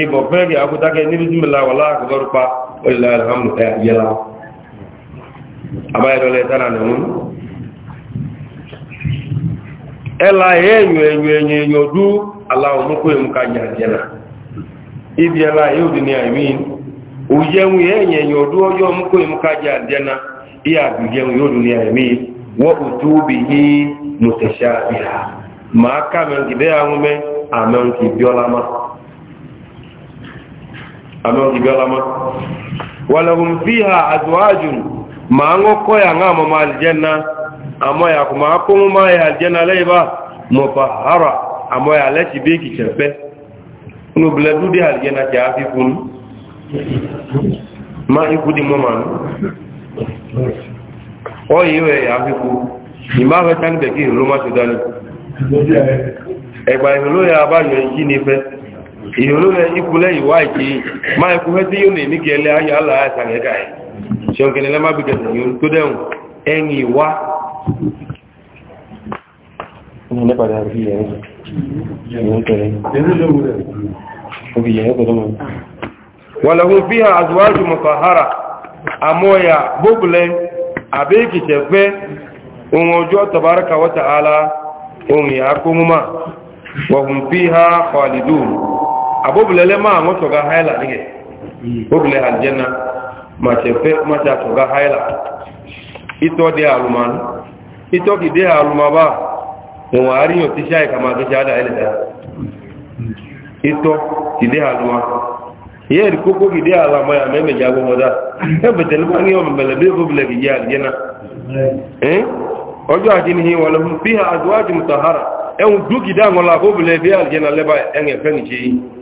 ìbọ̀ fẹ́rẹ̀ àkútákẹ́ ní bísímìlá wà láàkùbọ́rùpa ọ̀lẹ́lẹ́ alhamdu yẹla abáyẹ̀lọ́lẹ̀ tánà nìmú ẹla ẹ̀yẹ̀yìn ẹ̀yìn ẹ̀yìn ọdú aláwọ̀mọ́kọ́ èmúka jàjẹ́nà ibi ẹla yóò dì ní amon igalama walahum fiha azwajun ma ngo koya ngamo ma aljanna amo ya kuma ko ma ya aljanna laiba mutahhara amo ya lati be ki chepe no bladu di aljanna ti afi kun ma iku di mo man o yiwe ya afi ku ni ma fa tang be ki lo ma sudani e gba ya ba yo yi ni fe ìyòló rẹ ikú lẹ́yìn wá ìkí máa ikú fẹ́ tí yóò ní kí ẹlẹ́ ayé aláà ìsàngẹ́gà ẹ̀ ṣọ́nkẹ́ni lẹ́mà bí kẹsàn yóò tó dẹ̀hùn ẹ̀yìn ìwá wàlàhùn fi hàn àzúwájú mọ̀fàhárà àmọ́ya gbógbùlẹ̀ àbẹ́kìtẹ̀ fẹ́ ohun ọjọ́ tàbárakà ala ohun ìyàkó fi hàn abobulele ma ŋo tɔga haila nige bobule aljanna mace fe mace a tɔga haila ito de alumanu ito ki de alumaba ŋo ari yo tisha ye kama kisha ada ele da ito ki de aluma yeri koko ki de alama ya meme jago moda e betele ma ngi o mbele be bobule ki je aljanna eh ojo ajini hi wala hum fiha azwaj mutahhara e un dugi da ŋo la bobule be aljanna leba e nge fengi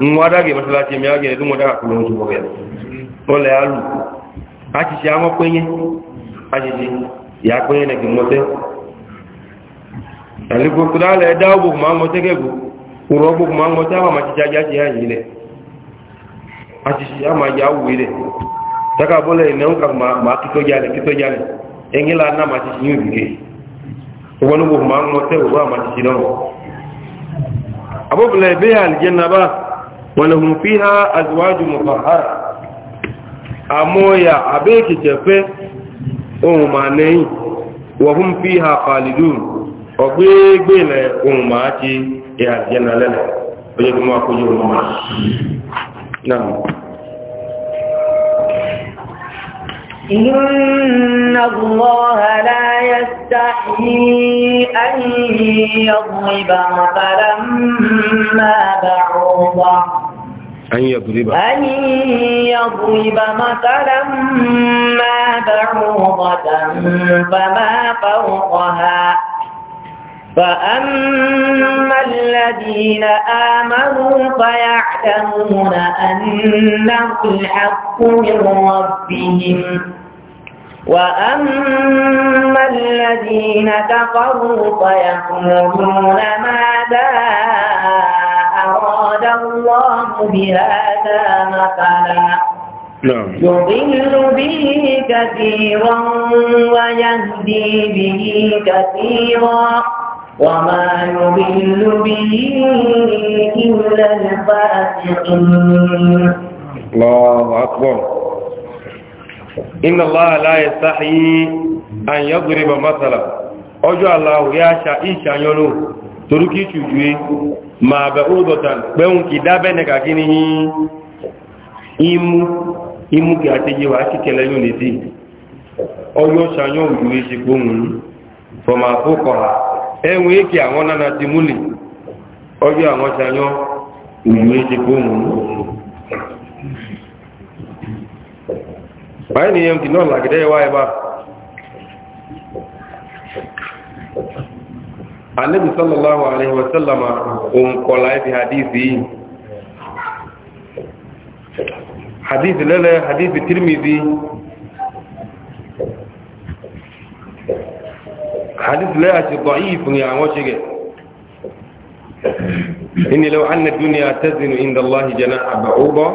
nwada gị masalachi eme a ga-edu nwada akụrụ ozugbo ya ụlọ a lụ ga amụkwenye achịcha ya kwenye na gị mmote alikokuda ala ẹ̀dá ọgbogbo ma ń mọ́tẹ́ gẹ̀gbò kúrò ọgbogbo ma ń mọ́tẹ́ àwọn àmàjíjá jáde àyè ilẹ̀ àṣìṣì àmàjá wùwé rẹ̀ takabọ́lẹ̀ ìnáwó kan mọ́tẹ́ ولهم فيها أزواج مطهرة أمويا أبيك جفة أماني وهم فيها خالدون أبيك بلا أماتي يا جنة لنا ويجب ما أقول نعم إن الله لا يستحيي أن يضرب مثلا ما بعوضة أن يضرب أن يضرب مثلا ما بعوضة فما فوقها فأما الذين آمنوا فيعلمون أنه الحق من ربهم وأما الذين كفروا فيقولون ماذا ضرب الله بهذا مثلا يضل به كثيرا ويهدي به كثيرا وما يضل به إلا الفاسقين الله أكبر إن الله لا يستحي أن يضرب مثلا أجو الله يا شاء إيشا يولو تركي ma bẹ ọdọ̀tàn pẹ̀hùn kì dábẹ́ nẹ kàkí ní imú imú kì àtẹ́jẹ́ wà kíkẹlẹ̀ yóò lè sí ọyọ́ ṣàyọ́ òjú ẹṣẹ́ gbóhùn fọmà fókọ̀ ẹ̀hùn àwọn nánà ti múlẹ̀ ọyọ́ àwọn ṣàyọ́ òjú ẹṣẹ́ gbóhùn annabi sallallahu alaihi wa sallama on kola bi hadisi hadisi lele hadisi tirmidhi hadisi lele ati da'if ni awon shege inni law anna dunya tazinu inda allahi janaha ba'uba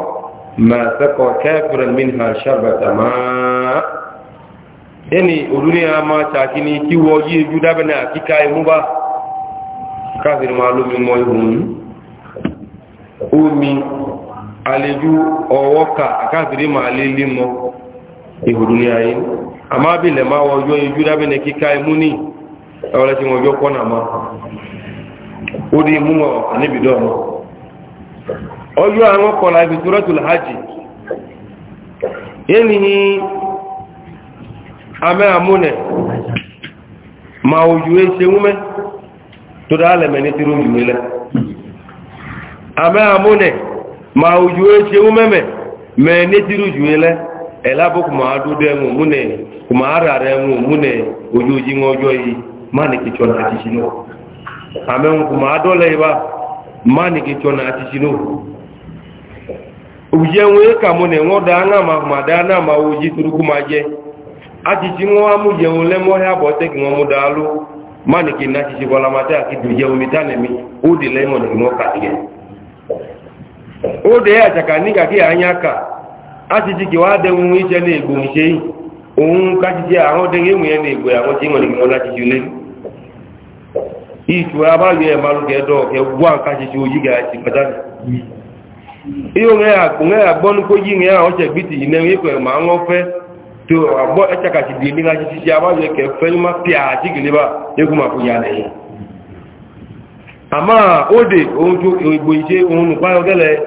ma saqa kafiran minha sharbata ma yani uduniya ma takini kiwo yi juda bana kika yi mu ba káàkiri máa lómi mọ́ ihun omi àlejò ọwọ́ ka káàkiri máa lé lé mọ́ ihun ní ayé àmá bílẹ̀ máa wọ́jọ́ ijú dábẹ́nẹ̀ kíká imú ní ọ̀rẹ́ tí wọ́n jọ kọ́nà máa ó dé imú mọ́ níbìdọ́ mọ́ ọjọ́ àwọn kọ̀lá ibi tó rọ́tù láàájì yẹ́nì ní amẹ́ àmúnẹ̀ máa ojú ẹ́ ṣe wúmẹ́ ní tí rúmù àmẹ́ àmúnẹ̀ ma ojú é ṣe mẹ́mẹ̀ mẹ́ ní tí rújù ilẹ̀ ẹ̀lábò kò máa dúdú ẹ̀mù múnẹ̀ kò máa rà rẹ̀ ẹ̀mù múnẹ̀ ojú ojú wọn ọjọ́ yìí má ní kìtọ́ náà ti àmẹ́ yìí má ní kìtọ́ náà ti òjì ẹ̀wọ̀n múnẹ̀ wọ́n turukú jẹ́ mani ki na ti wala mata ki du je omi tane mi o de le mo ni mo ka ye o de ya jaka ni ga ki anya ka a ti ji ki wa de mu ise ni egbo mi se ohun ka ti je àwọn de ye mu ye ni egbo àwọn ti mo ni mo la ti ju le itu aba ye ma lu ke do ke wa ka ti ju yi ga ti pata ni iyo nge a nge a gbonu ko yi nge a o se gbiti ni nge ko ma won fe e agbɔ ɛtsakashi di eliŋa tsitsi a b'a yɛ kɛ fɛnyuma a ti ba eku ma ko ya lɛ ama o de ohun tó egbo ise ohun nùpá ɔgɛlɛ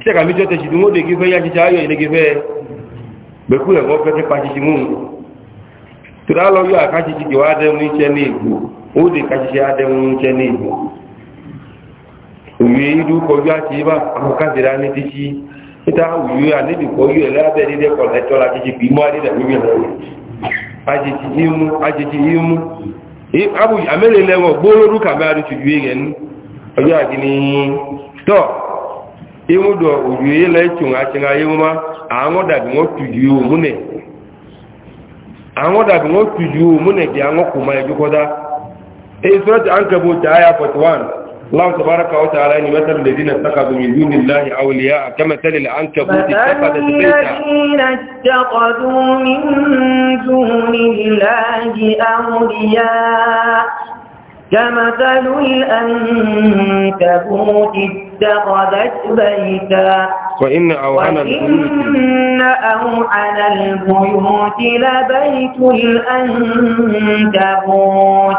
tsaka mi tsɔ tɛsi dun o de k'e fɛ ya tsitsi ayɔ fɛ yɛ kɔ tsitsi tura yɔ aka tsitsi ke wa dɛ mu tsɛ ne egbo o de ka tsitsi adɛ mu tsɛ ne ati ba níta awùyọ àníbi kọ yọ ẹlẹ abẹ dídẹ kọ lẹtọ la jẹjẹ bí mọ adídà mímí hàn abu amẹlẹ lẹwọ gbólórú kàmẹ adùtù ju yẹn nù ọjọ àgìní tọ imú dọ òjò yẹn lẹ tún àtìngà yẹn mọ àwọn dàbí wọn tù ju òmù nẹ àwọn dàbí wọn tù ju òmù nẹ bí àwọn kò ẹjọ èyí ànkẹ́bù 41 الله تبارك وتعالى ان مثل الذين اتخذوا من دون الله أولياء كمثل العنكبوت اتخذت بيتا الذين اتخذوا من دون الله أولياء كمثل الأنكبوت اتخذت بيتا وإن أوعن البيوت لبيت الأنكبوت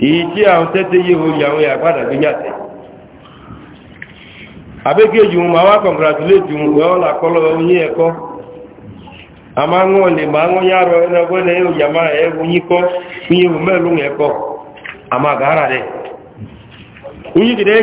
èyí tí àwọn tẹ́tẹ́ yé orí àwọn ìyàgbádà gbé yàtẹ̀ abẹ́gẹ́jì wọn máa wá congratulate wọn pé ọ́nà kọ́lọ̀ oyin ẹ̀kọ́ a máa ń wọ́n lè máa wọ́n yàrọ̀ ẹgbẹ́ ní òyà máa ẹ̀rù yín kọ́ oyin ewu ya ẹ̀kọ́ a máa na rẹ̀ oyin kìdẹ́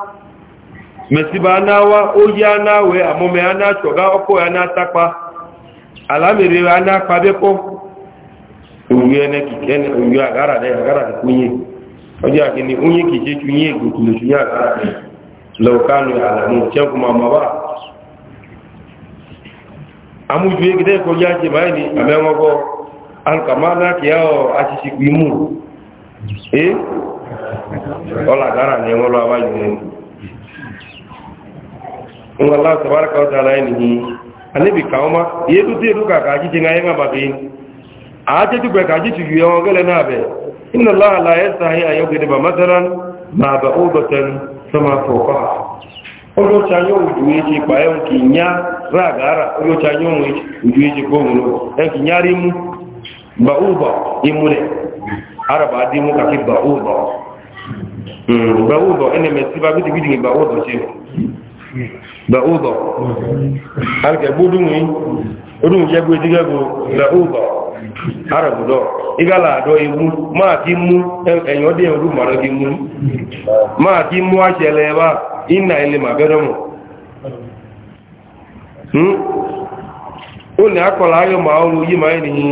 mesiba anawa oyi anawe amume anachọga ọkụ ya na-atakpa ala mere ana akpabekpọ oyo agara da agara da kunye oji akini unye kije kunye egotule kunye alamu chen kuma maba amuju egide ko ya je mai ni amewogo alkamana kiyo asisi kwimu eh ola gara ne ngwa Allah tabaraka wa ta'ala yanihi anabi kauma yedu ti ruka ka ji jinga yanga babi a ce duk ka ji ci yo gele na be inna Allah la yastahi an yudriba matalan ma ba'udatan sama fawqa ojo chanyo ujuwe ji pa yon kinya ragara ojo chanyo ujuwe ji ko mulo en kinyari mu ba'uba imule araba di mu ka ki ba'uba hmm, ba'uba ene bi di bi di ba'uba che bẹ̀ ụzọ alùkẹ́ gbódùnwí odùnwí jẹ́ gbé dígẹ́gbò bẹ̀ ụzọ arẹ̀bùdọ̀ igala àdọ́ ewu máa kí mú ẹ̀yìn ọdí ẹ̀rù màrọ́ kí mú máa kí mú àṣẹlẹ̀ ẹ̀bá ìnà ilẹ̀ màbẹ́rẹ̀mù ó ní akọ̀lá ayọ́ máa yi ma máa ń yí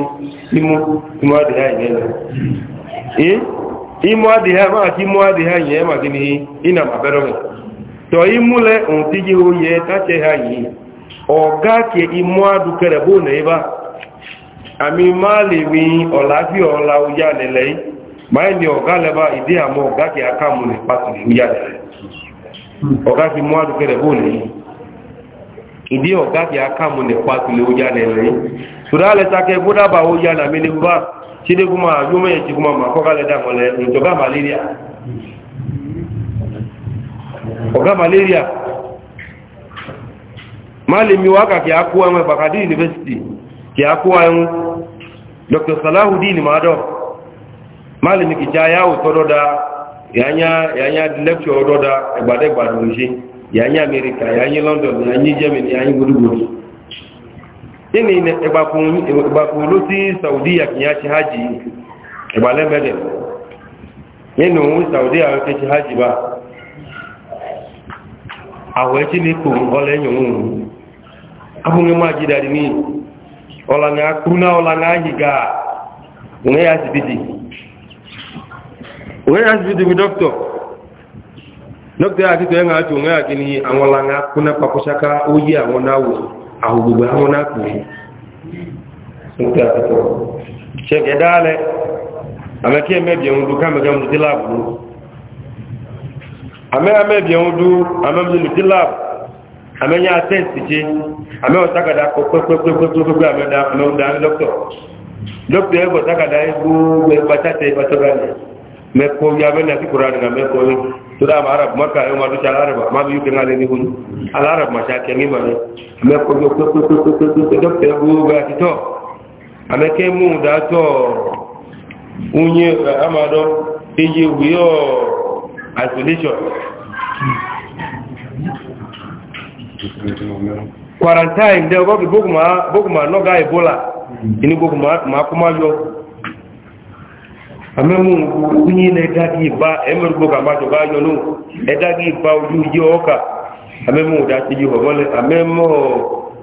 imú imú tọ imúlẹ̀ òun tí yíò yẹ tàṣẹ ha yìí ọ̀gá kẹ imú àdúkẹrẹ bó nẹ̀ ibá àmì máa lè wí ọ̀láfí ọ̀la oyá lẹ̀lẹ̀ yìí máa ní ọ̀gá lẹ́bá ìdí àmọ́ ọ̀gá kẹ akáàmù lè pàtàkì oyá lẹ̀lẹ̀ ọ̀gá kẹ imú àdúkẹrẹ bó nẹ̀ ìdí ọ̀gá akáàmù lè pàtàkì oyá lẹ̀lẹ̀ ọ̀gá malaria máa lè mi wákà kí a kó ẹwọn university kí a kó dr salahudin madọ máa lè mi kì já yáwò tọ́dọ́dá yányá lecture ọdọ́dá ẹgbàdẹ́gbàdùn ṣe yányá america yányá london yányá germany yányá gbogbogbò nínú ìgbàkùn ló sí saudiya kì yá ṣe hajj ìgbàlẹ́mẹ́dẹ̀ nínú saudiya kì ṣe hajj báyìí àwọ̀ ẹ̀kí ní kò ọlẹ́ ẹ̀yàn òun abúnmọ́ àjídàrí ní ọ̀lànà kúrúnà ọ̀lànà àyíká òun yà síbìdì òun yà síbìdì mi dọ́kítọ̀ dọ́kítọ̀ àti tẹ̀ ẹ̀yàn àti òun yà kí ni àwọn ọ̀lànà kúrúnà pàkóṣáká ó yí àwọn náwó àwọn gbogbo àwọn náà kù ṣẹ̀kẹ̀dá alẹ́ àmẹ́kí ẹ̀mẹ́bì ẹ̀hùn dùkà mẹ́gàmù ame ame biɛŋo do ame mzuluti lab ame nye atɛnti tse ame kɔ kpekpekpekpekpe ame da ame yɛ yɛ gbogbo tɛ ba mɛ kɔ ame na maka yɛ ma do arabu bi kɛ lɛ ala arabu ma yi kpekpekpekpekpe yɛ gbogbo ame kɛ isolation quarantine dẹ ọgọ́ kí bókùnmá nọ́gá ebola inú bókùnmá kó máa yọ àmẹ́mù kúnyí na ẹ̀dági ìbá ẹ̀mẹ́rù bókùnmá tó bá yọ náà ẹ̀dági ìbá ojú yẹ ọkà àmẹ́mù ọ̀dá ti yí ọ̀bọ́lẹ̀ àmẹ́mù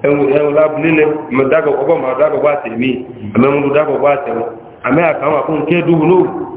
ẹ̀hùn lábúlélẹ̀ mẹ́dágọ̀gbọ́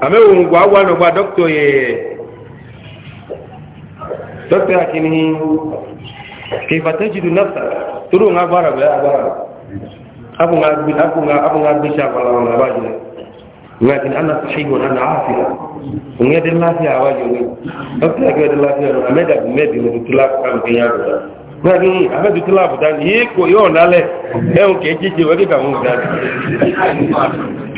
amewo ngwa agwa no gwa doctor ye doctor akini kaifa tajidu nafsa turu nga bara bila bara abu nga bi abu nga abu nga bi sha wala wala ba jina ngatin lafiya wa jo doctor ke de lafiya no ameda medi no tulak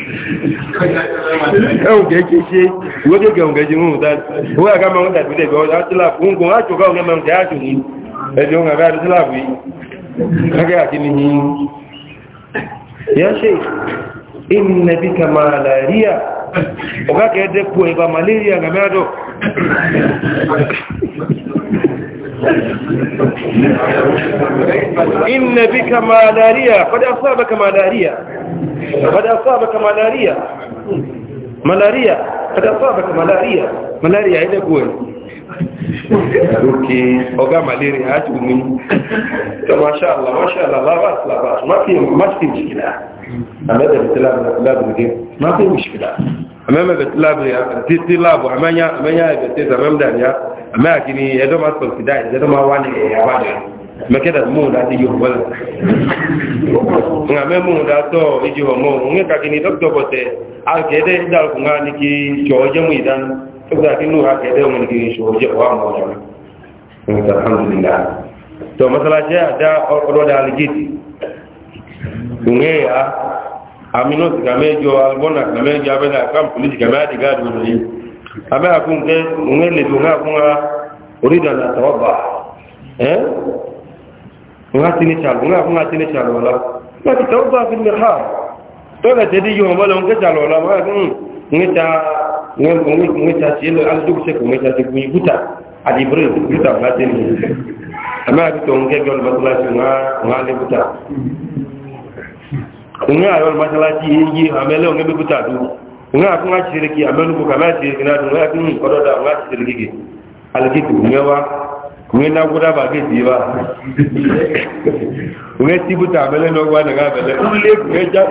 ẹ̀hùn kẹ́kẹ́ ṣe ìwọ́dé kẹ̀hùn kẹ́jì mú ta owó àgá máa ń tàbí lẹ́gbẹ̀ ọjọ́ átíláàpù ń gùn ájò káwọn mẹ́rin tẹ́ ájò ní ẹ̀dẹ̀ ohun àbẹ́ átíláàpù yìí kẹ́kẹ́ àti ní yìí yẹ́ ṣe ìnẹ̀bí ka malaria ọ̀gá kẹ́ẹ̀dẹ́kù ẹ̀bà malaria gàmẹ́rẹ́dọ̀ إن بك ما قد أصابك ما قد أصابك ما لاريا قد أصابك ما لاريا ما لاريا إذا قول أوكي أوكا ما لاريا ما شاء الله ما شاء الله لا بأس لا بأس ما في ما في مشكلة أنا ده لا بدي ما في مشكلة a a a a betilabu ya titilabu amenya amenya beteza amemdan ya amenya kini edo ma solfidai edo ma wani ya wani mekeda mu da ti yo wala nga memu da to iji ho mo nge ka kini doctor bote al kede dal ku nga ni ki choje mu idan to da kinu ha kede mu ni ki choje wa mo da alhamdulillah to masala je da oro da aljiti nge ya amino ti ka mɛjɔ alibɔna ka mɛjɔ abɛna kam polisi ka mɛ adiga adi wɔlɔ yi amɛ akun kɛ ŋɛ lebi ŋa kun ka ori dana tɔ ba ɛ eh? ŋa tini tsalo ŋa kun ka tini tsalo la ŋa ti tɔ ba fi mi ha tɔlɔ tɛ di yɔn bɔlɔ ŋa tsalo la ŋa kun ŋa ta ŋa ŋa ŋa ta tsi lɛ ali dogo se ko ŋa ta se kuyi buta adi bere buta ŋa tini amɛ a bi tɔ ŋa kɛ jɔli ba tɔ la si ŋa ŋa buta nga ayol masalati yi amele onge bebuta du nga akunga chiriki amelu ko kama chiriki na dunga kun ododa nga chiriki ge alkitu ngewa ngena kuda ba ke diba nge tibuta amele no gwa nga amele ule ngeja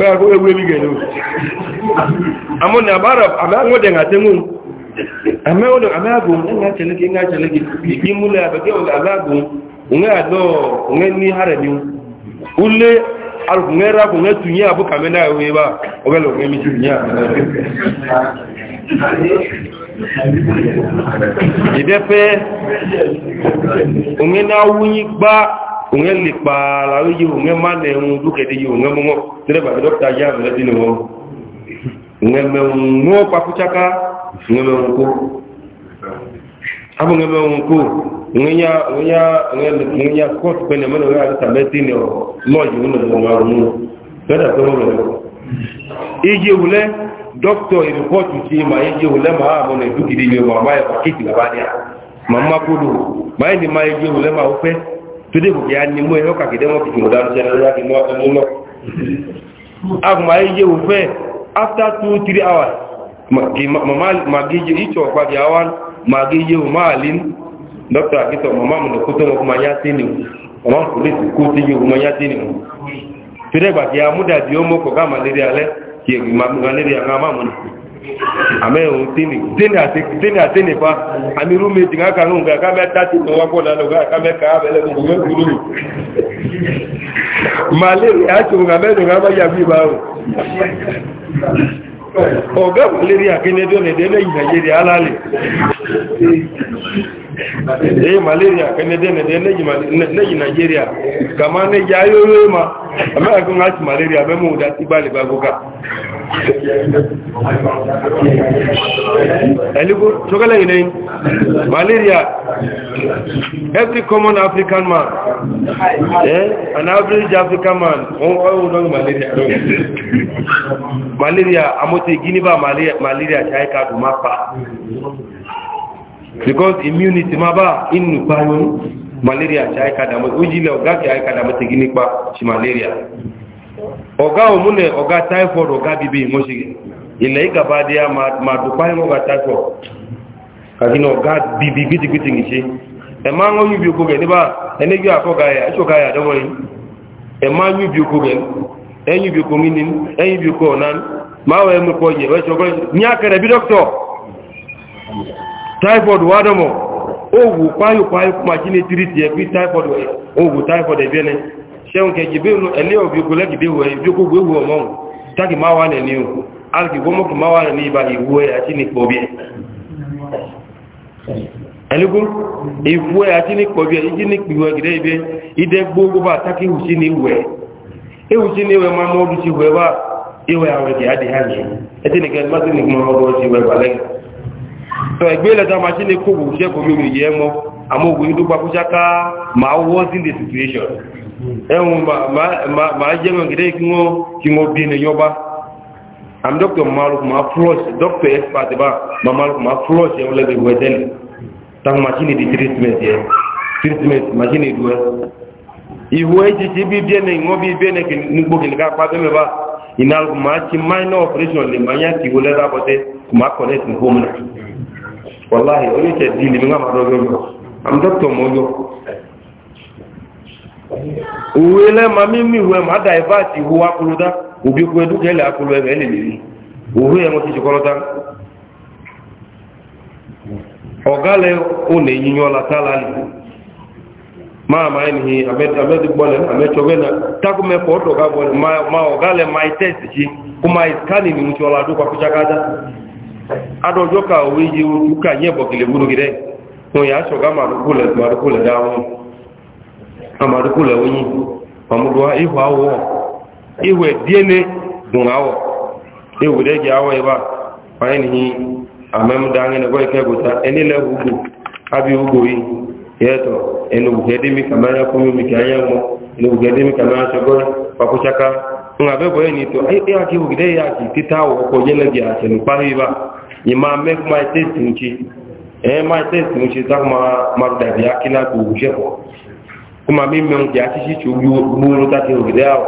ba ko ewe mi ge no amon abara amango de ngatengu amewo amago nga chiriki nga chiriki kimule abage olago unge ado unge ni harami ule alu unge ra unge tunya abu na we ba ogalo unge mi tunya idepe unge na wunyi gba la yi unge mane un duke de unge mo tere ba doctor ya me dinu mo unge me mo pa kuchaka unge ko ko ŋunya ŋunya ŋunya kɔt bene mene ŋa ta bɛ ti ne lɔji ŋu ne ko ŋa ŋu bɛ da tɔmɔ bɛ ije wulɛ dɔkitɔ ibi kɔtu ti ma ije wulɛ ma a mɔne dukiri yɛ ma ma yɛ ma kiti laba dia ma ma ko do ma yɛ ni ma ije wulɛ ma o fɛ to de ko kɛ ani mo yɛ o ka kete mo kiti mo da nusɛn lɛ yaki mo ɛmu lɔ a ko ma ije o fɛ after two three hours ma ma ma ma ge je itsɔ kpa di awa ma ge je o ma alin dɔkita akitɔ mama mun ko tɔmɔ kuma ya se ne o mama polisi ko yi o kuma ya se ne o tere gba ti amuda di o mo kɔ ka malaria lɛ tie ma malaria ŋa ma mun ame o te ne te ne ase te ne ase ne fa ami rume ti ŋa kan ŋa ŋa ta ti ŋa kɔ da lɛ o k'ame ka abɛ lɛ o kuru mi malaria atso ŋa mɛ do ŋa ma ya ba o ọ̀gá ìlérí àkínẹ́dọ́ nìdẹ́lẹ̀ ìnàyẹ̀rẹ̀ alálẹ̀ èyí malaria kẹ́nẹ́dẹ́nẹ̀dẹ́ nigeria kama ní ya yóò ma amẹ́kùn láti malaria mẹ́mú ìdá tí bá lè bá gọ́gá ẹ̀lúgbó tókẹ́lẹ̀ yìí lẹ́yìn malaria every common african man eh an average african man wọ́n wọ́n wọ́n malaria malaria amó ti gini malaria ṣe aika máa pa because immunity máa bá inú pariwo malaria ṣe aika dàmọ́ ó jílẹ̀ ọ̀gá ṣe aika dàmọ́ ti gini pa ṣe malaria ọ̀gá òmúnẹ̀ ọ̀gá typhoid ọ̀gá bíbí ìmọ́ṣe ilẹ̀ ìgàbádé máa dùn pariwo ọ̀gá typhoid kàkínà ọ̀gá bíbí gbítígbítí nìṣe ẹ̀ máa ń yúbi oko rẹ̀ níbà ẹnẹ́gbẹ́ àkọ́gà ẹ̀ ṣọ́gà ẹ̀ àdọ́wọ́ yìí ẹ̀ máa máa wẹ̀ mú kọ yẹ̀ wẹ́ṣọ́gbọ́n ní àkẹrẹ bí dọ́kítọ̀ typhoid wà dọ́mọ̀ oògùn páyòpáyò máa jí ní tírítì ẹ̀ bí typhoid wẹ̀ oògùn typhoid ẹ̀ bẹ́ẹ̀ ṣẹ́hun kẹjì bí ẹlẹ́ òbí gọlẹ́gìdé wẹ̀ bí kò gbé wù ọmọ táàkì máa wà nẹ̀ni o alìkì gbọ́mọ́kì máa wà nẹ̀ni ibà ìwú ẹ̀ àti ní pọ̀bí ẹ̀ ẹ̀lẹ́gùn ìwẹ̀ máa mọ́ ọdún sí ìwẹ̀ iwe awe adi hanyi eti ni gẹ̀ẹ́dì máa ní gbọ́n ọgbọ́n ti wẹ̀ wà lẹ́yìn tó ẹgbẹ́ ilẹ̀ta máa ṣe ní kóòwò iṣẹ́ kò mímì yẹ mọ́ àmọ́ wọ́n sí the situation e ma ma jẹ́ wọn gẹ́gẹ́ kí wọ́n kí wọ́n bí ní yọba àmì dr maluk máa flush dr expert bá maluk flush ẹ̀hùn e ṣe di treatment yẹ e. treatment ṣe ṣe bí ìwọ́n bí ina kuma ci minor operation le manya ki wole da bote kuma connect ni home na wallahi oni te dili mi ngama dogo yo am doctor mo yo uwele mami mi we ma divert huwa kuluda ubi ku edu kele akulu ebe ele ni uwe e mo ti chokolata ogale o le yin yo la tala ni maa maa ní abẹ́dìgbọ́lẹ̀ àmẹ́tọ́gbẹ́nà tákùmẹ́kọ̀ ọ̀tọ̀gbọ́lẹ̀ máa ọ̀gálẹ̀ máa tẹ́ẹ̀sì sí kó máa ìskánì ní ti ọlá àdúgbà kó jákátá adọ́jọ́ ka òwe yí orúkà yẹ́ bọ̀gìlẹ̀ gúrugidẹ́ wọn yà sọ̀gá màdúkúlẹ̀ oyin ọmọdúwá ihò awọ yeto enu bugedimi kamanya kumi mikanyango enu bugedimi kamanya chogora pakuchaka ngabe boye ni to ai ya ki bugede ya ki titawo ko jele ya che ni pahi ba ni ma make my test nchi eh my ma ma da ya kila ku je ko kuma mimi ngi ya chi chu bu ta bugede ya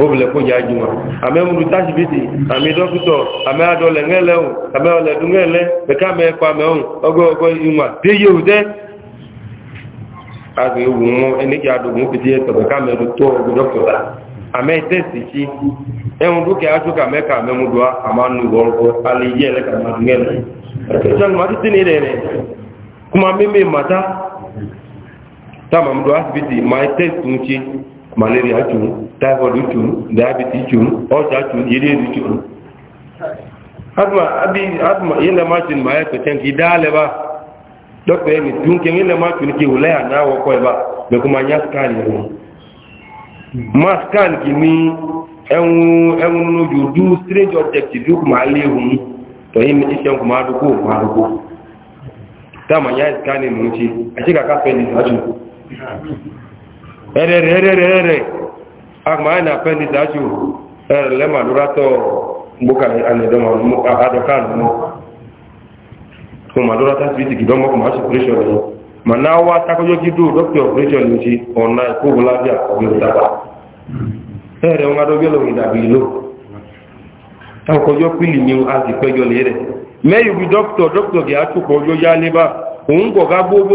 bóbulẹ̀ kó jájú wọn àmẹ́mùrú táṣìbìtì àmì dókítọ̀ àmẹ́ àdọ́lẹ̀ ńẹ́lẹ́hùn àmẹ́ ọ̀lẹ̀dúnrẹ́lẹ́ pẹ̀ká mẹ́ẹ̀kọ́ àmẹ́hùn ọgọ́ọgọ́ ìwọ̀n wọn ẹnìkí fìdí ẹ̀tọ̀ tó dókítọ̀ sí àtúkà mẹ́ka malaria tun typhoid tun diabetes tun ulcer tun yeledu tun aduma abi aduma yele ma tun ma yake ten ki dale ba dokta yemi tun ke yele ma tun ki ulaya na wo ko ba be kuma nya scan ni ma scan ki mi ehun ehun no ju du strange object du kuma lehun to yemi isen kuma du ko ma du ko ta ma nya scan ni mu ci a ci ka ka fe ni ta ju ere ere ere agbáyìn àpẹ́ndì dájú ẹ̀rẹ̀ lẹ́màdúrátọ̀ gbókàlẹ̀ àdọ̀kánumọ́ fún màdúrátà sí ìtìkì dánmọ́ kò máa ṣe pírẹ́ṣọ̀ rẹ̀ mà náà ọbụla a mẹ́yìn bí á kọjọ́ yá níbà òun kọ̀ ká gbogbo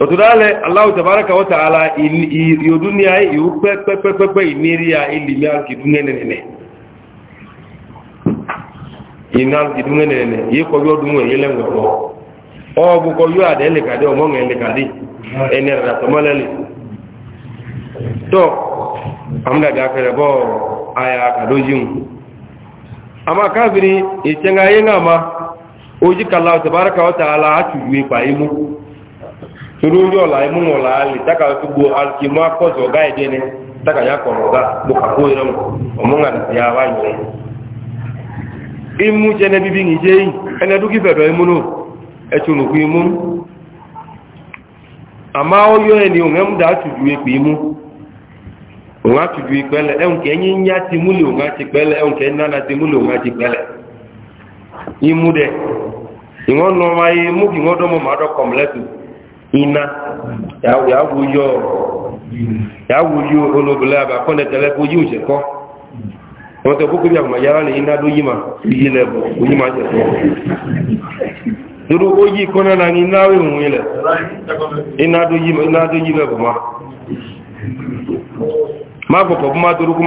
otudale allah tabaraka wa taala yo dunia yu pe pe pe pe pe iniri ya ilimi al kidunge nene inal kidunge nene ye ko yo dunwe yele ngoro o bu ko yo ade le kade o mo ngende kadi ene ra to malali to amda ga fere bo aya ka dojin ama kafiri itenga e yenga ma oji kallahu tabaraka wa taala atu yui e pa imu torí ó yọ̀ láì múnà taka tákà gbogbo alùpùpù akọ́sì ọ̀gá ẹ̀dẹ́ ni tákà yà kọ̀ọ̀rọ̀ ọ̀gá mo kà kó ìrọ̀mù ọmọ́ngà nìyí àwa yìí. imú jẹ́ ẹni bíbí ní jẹ́ yìí ẹni ẹdún kìfẹ̀dọ̀ imú nù ẹtùn nùkú imú. àmọ́ ó yọ ẹni òun ẹ̀mú dà tùjú ìpè imú òun á tùjú ìpẹ́lẹ̀ ẹ̀hùn kẹ́ ẹ̀yìn ń yá ti múlẹ̀ òun á ti pẹ́lẹ̀ ẹ̀hùn kẹ́ ti múlẹ̀ òun á ti pẹ́lẹ̀ imú dẹ̀ ìwọ́n nọ wáyé mú kí wọ́n dọ́mọ̀ má dọ́kọ̀ mọ́lẹ́tù iná yi olóbìnrin àbá kọ́nẹ̀ tẹ́lẹ̀ kó yíò ṣe kọ́ wọ́n tẹ́ kókò bí àwọn yàrá lè iná ló yí ma yí lẹ́bọ̀ kó yí ma ṣe dúró ó yí náà ní òun ilẹ̀ iná ló yí ma má bọ̀kọ̀ bú má dúró kó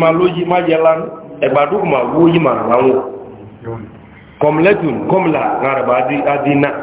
má ló yí má wó yí ma làwọn kọmlẹ́tùn kọmlà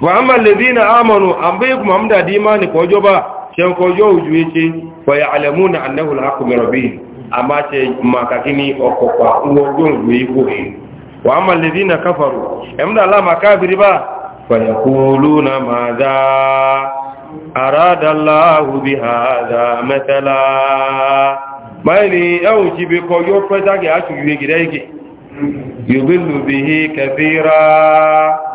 wa amma alladhina amanu an bai kuma amda di imani ko joba shen ko jo uju yace fa ya'lamuna annahu al-haqqu min rabbihim amma ce makakini okokwa uwo gon gbe ko wa amma alladhina kafaru amda la makafiri ba fa yaquluna ma arada allah bi hadha mathala maili au jibe ko yo fetake achu yegirege yubillu bihi kathira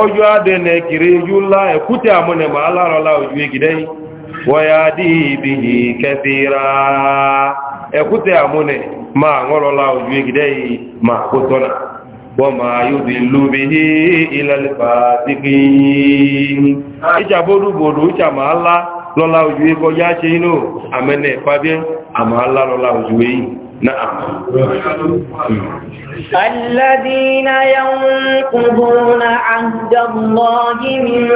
ọjọ́ adé na ekiri ju ńlá ẹ̀kútẹ́ àmúnẹ̀ ma alárọ̀lá ojú egide wọ́ya dí ibi kẹfìrà ẹ̀kútẹ́ àmúnẹ̀ ma àwọ́rọ̀lá ojú egide ma wọ́n ma yóò di lóbi ní ilẹ̀lẹ́fà síkí ìjàbódúbòdó نعم الذين ينقضون عهد الله من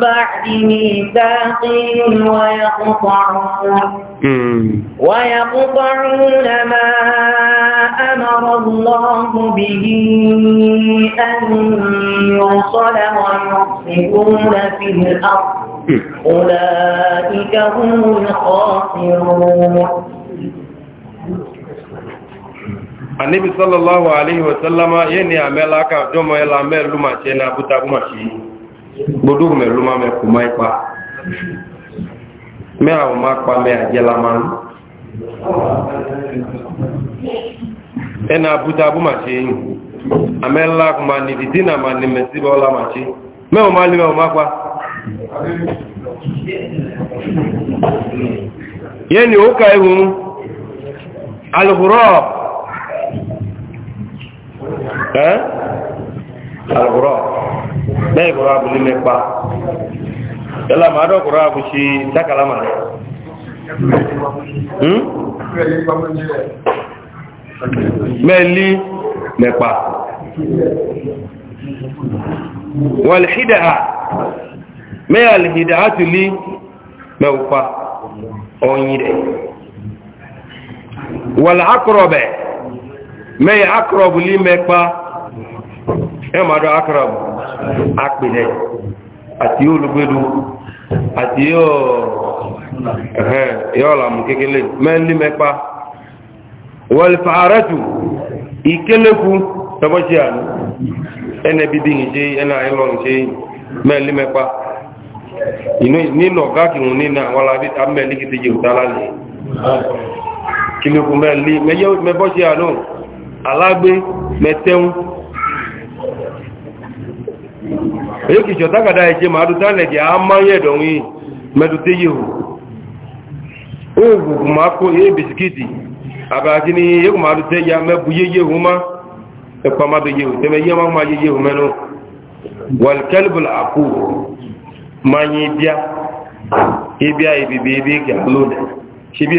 بعد ميثاقه ويقطعون ويقطعون ما أمر الله به أن يوصل ويفسدون في الأرض أولئك هم الخاسرون annabi sallallahu alaihi wasallama yẹni àmẹ́lá ká jọmọ ẹlà mẹ́lú ma ṣe ní abúta bú ma ṣe gbogbo mẹ́lú ma mẹ́kù ma ipa mẹ́ àwọn ma pa mẹ́ àjẹ́lá ma ń ẹni abúta bú ma ṣe yìí àmẹ́lá ma ní dìdí na ma ní mẹ́síbọ́ ọlá ma ṣe mẹ́wọ̀n ma ní mẹ́wọ̀n ma pa yẹni ó ká ihun alùpùrọ̀ ẹ́ ma, lẹ́yìn kúrọ̀ abúlé mẹ́pa yálà máa dọ̀ kúrọ̀ abùsí dákàlámà rẹ̀ hmm? mẹ́lí mẹ́pa wàlìhídàá mẹ́yà lìhídàá tù lí mẹ́wùpa ọ̀yìn rẹ̀ wàlìhàkọ̀rọ̀bẹ̀ mẹ́yà akọ̀rọ̀bù lí mẹ́pa ẹ máa dọ àti olùgbèlú àti yọ́ọ̀làmù kékeré mẹ́lí mẹ́pa wọlfàárẹ́tù ìkélékù tọ́bọ́sí àná ẹnẹ bíbí ìṣe ẹnà ìlọrin ṣe mẹ́lí mẹ́pa nínú ọ̀gá kìrún nínú àwọn alábẹ́lí mẹ́lí mẹ́bọ́sí àná alágbé mẹ́tẹ́un e kìí ṣọ̀tákàdá ẹ̀jẹ́ máa dúdá lẹ̀gẹ̀ a máa ń yẹ̀dọ̀ wí mẹ́dúté yìí hù oògùn máa kó èyí bisikíìtì àbáàkí ni èyí máa ya mẹ́bù yéyé hù má ẹ̀pà má bẹ yéhù tẹ́mẹ́ yé máa yéyé hù mẹ́nu wàlkẹ́lbùl àkú máa bíá ebi a ebibi ebi kì á lónìí ṣe bí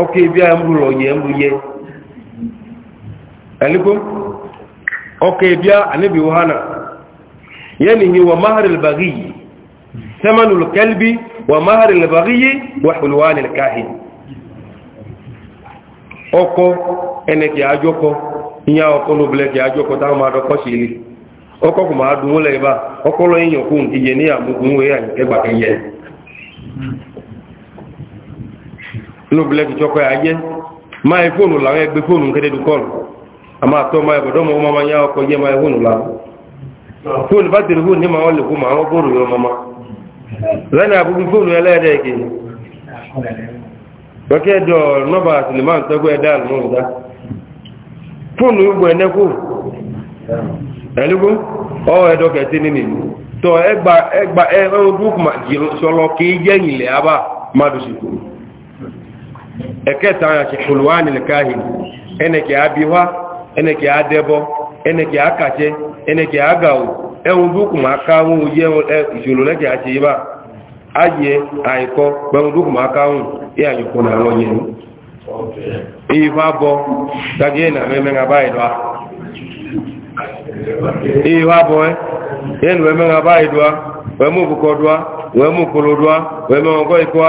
ọkọ̀ ibi àmúrù lọ yẹ mú yẹ ẹ̀lẹ́gbọ́ ọkọ̀ ibi àníbi wọ́hánà yẹ́ ni wà máhàrì bàrí yìí sẹ́mọ̀nù kẹ́lbí wà máhàrì bàrí yìí wà pẹ̀lúwà ní káhì ọkọ̀ ẹnẹ̀kì àjọkọ̀ ìyá ọkọ̀ lóbulẹ̀kì àjọkọ̀ táwọn máa dọ́kọ̀ sí ilé ọkọ̀ kò inú bilẹ̀ ya tsọ́kọ́ yà jẹ́ máa yẹ fóònù làwọn ẹgbẹ́ fóònù kéde du kọ́ọ̀lù àmà tọ́ máa yẹ ọmọ ma wọ́n lè fóònù àwọn bóòrò yọ ọmọ lẹ́nu àbúkú fóònù ẹlẹ́yẹdẹ́ kì bọ́kẹ́ dọ̀ nọ́bà siliman tẹ́gbọ́ ẹ̀dá àlùmọ́ọ̀dá fóònù gbogbo ẹ̀nẹ́kù ẹ̀kẹta àwọn àti ṣùlùwánì lẹ́káhìn ẹnẹ̀kẹ̀ àbíwá ẹnẹ̀kẹ̀ àdẹ́bọ́ ẹnẹ̀kẹ̀ àkàṣẹ ẹnẹ̀kẹ̀ àgàwò ẹ̀hùn dúkùn àkáhùn oyé ìṣòro lẹ́kẹ̀ àti ibà ayé àìkọ́ pẹ̀hùn dúkùn àkáhùn ẹ àyùkùn àwọn yẹn èyí wá bọ́ dàgé ẹ̀nà mẹ́mẹ́ra báyìí lọ́wọ́ wẹ́mú wẹ́mú wẹ́mú ọgọ́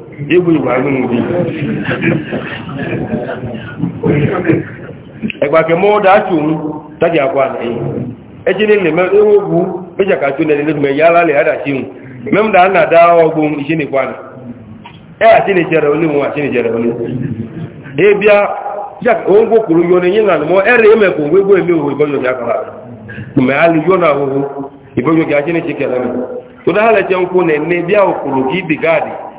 egwu igwe agụnwụbi ẹgbàkẹ mọ́ ọdá tó ń tàbí àkwà ẹ̀yìn ẹjẹ́ lè lè mẹ́rin ogwu méjà kàtó lè lè mẹ́yà lálẹ́ àdàṣí hùn mẹ́mdà ń nàdá ọgbọ̀n iṣẹ́ nìkwà nì ẹ àti ní jẹrẹ olé wọn àti ní jẹrẹ olé ebia òun yọ ní yín nà kò òwò kí a kàrà mẹ́ a lè yọ náà wọ́wọ́ ìbọ́jọ́ kí a ṣe ní ṣe kẹlẹ́ mi tó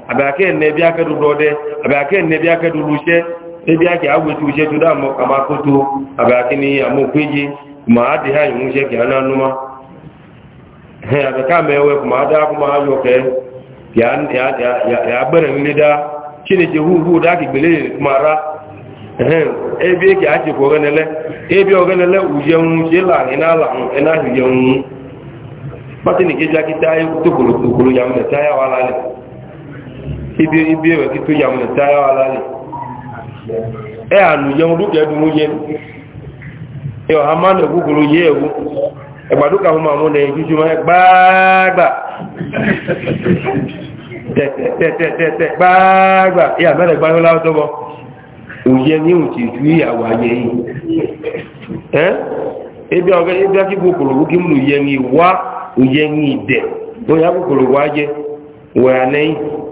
abake ne bia ke du dode abake ne bia ke du luche ụdọ bia ke awu tu je tu da mo kama ko tu ni amu kwiji kuma adi ha yu je he abaka mewe kuma ada kuma ayo ke ya ya ya bere ni da chini je hu hu da ki ra e bia ke aje ko ganele e mu je la ni na la ina hu je mu ya mu tayi wala ibi ibi ẹ̀wẹ̀ kí tó yàmù ìtayá wà lálẹ̀ ẹ ànù yẹun dúkẹ́ dúnú yẹ ẹ ọ̀há máa nà gúgùrú yẹ ẹ̀wú ẹgbàdúkà fún màmú nà ìjújú máa gbáàgbà tẹ̀tẹ̀tẹ̀tẹ̀ gbáàgbà ẹ àmẹ́rẹ̀ gbáyọ́ láwọ́tọ́bọ̀ òyẹ ní ebi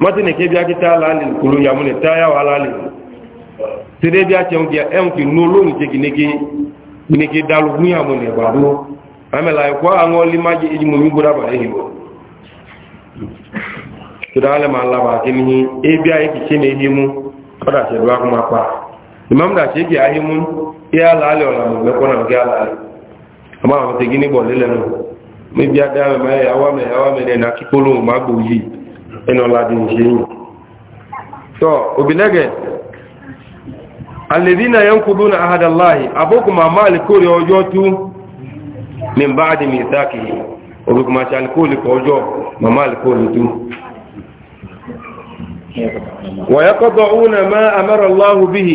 mati ne ke biaki ta lali kulu ya mune ta ya walali tire bia che ngia enki e nulu nje gineki gineki dalu buya mune babu amela kwa angoli maji ijimu migura ba ehibo tudale ma Allah ba kinhi e bia yiki e chene himu kada se dua kuma pa imam da che ki ahimu ya e lali ola mu ko na ngia lali ama wa gini bo lele no mi bia da ma ya wa me ya wa me na kikolo ma gbo yi inola din sheyin to obilege alladhina yankuduna ahada allahi abukuma malikuri ojo tu min ba'di mithaqihi obukuma shalikuli ko ojo ma malikuri tu ويقضعون ما امر الله به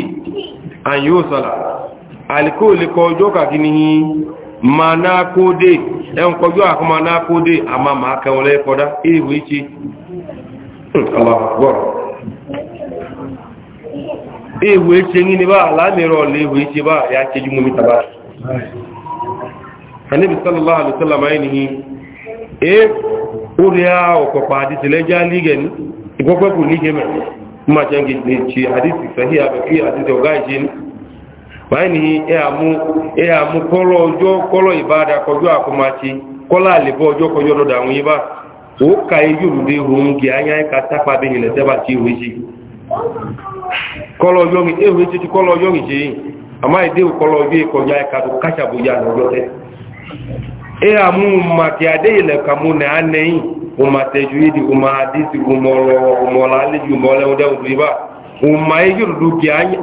ان يوصل alkoli ko ojo ka kini mana kode en ko jo akuma na kode ama ma kan le koda ihu ichi Hmm, Allahu Akbar. Ewu eche ba bá aláàmìrọ̀ ọ̀lẹ́ ewu eche bá ya ṣe jú mọ́mí tàbá. Àníbi sallallahu alaihi wasallam ayé nìyí, e ó rí a ọ̀pọ̀pọ̀ àdìsí lẹ́já lígẹ̀ ní ìgbọ́gbẹ́kù lígẹ̀ mẹ́. Má jẹ́ ní ṣe àdìsí sahí àbẹ̀kí àdìsí ọ̀gá ìṣe ní. Báyé nìyí, ẹ àmú kọ́lọ̀ ọjọ́ ụka ejurube ihu gị anya ka takpabeghị letebachi ihuichi kọlọyọghị ehu echichi chi amaghị dewu kọlọyọ ịkọja ka kacha bụ ya n'ọjọte ịha mụ maka adịghị ka mụ na aneghị ụmateju idi ụma adịsi ụmọlọ ụmọla alịji ụmọlọ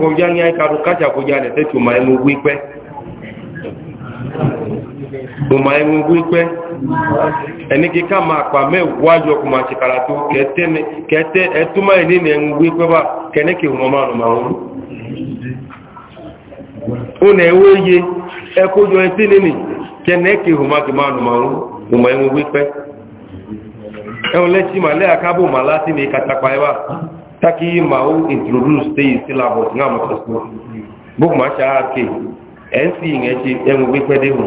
ụdị anya ka kacha bụ ya na-etetu ụma enwe ikpe ẹni kíkà máa pà mẹ́wàájú ọkùnmọ̀ àti kàràtó kẹtẹ́ ẹtúmọ̀ ìní ní ẹ̀hún wí pẹ́bà kẹ́nẹ́kì wọn máa rùn màrún ó nà ẹwọ́ iye ẹkójọ ẹtí nínú kẹ́nẹ́kì wọn máa rùn màrún ọmọ ẹ̀hún wí pẹ́ ẹ̀hún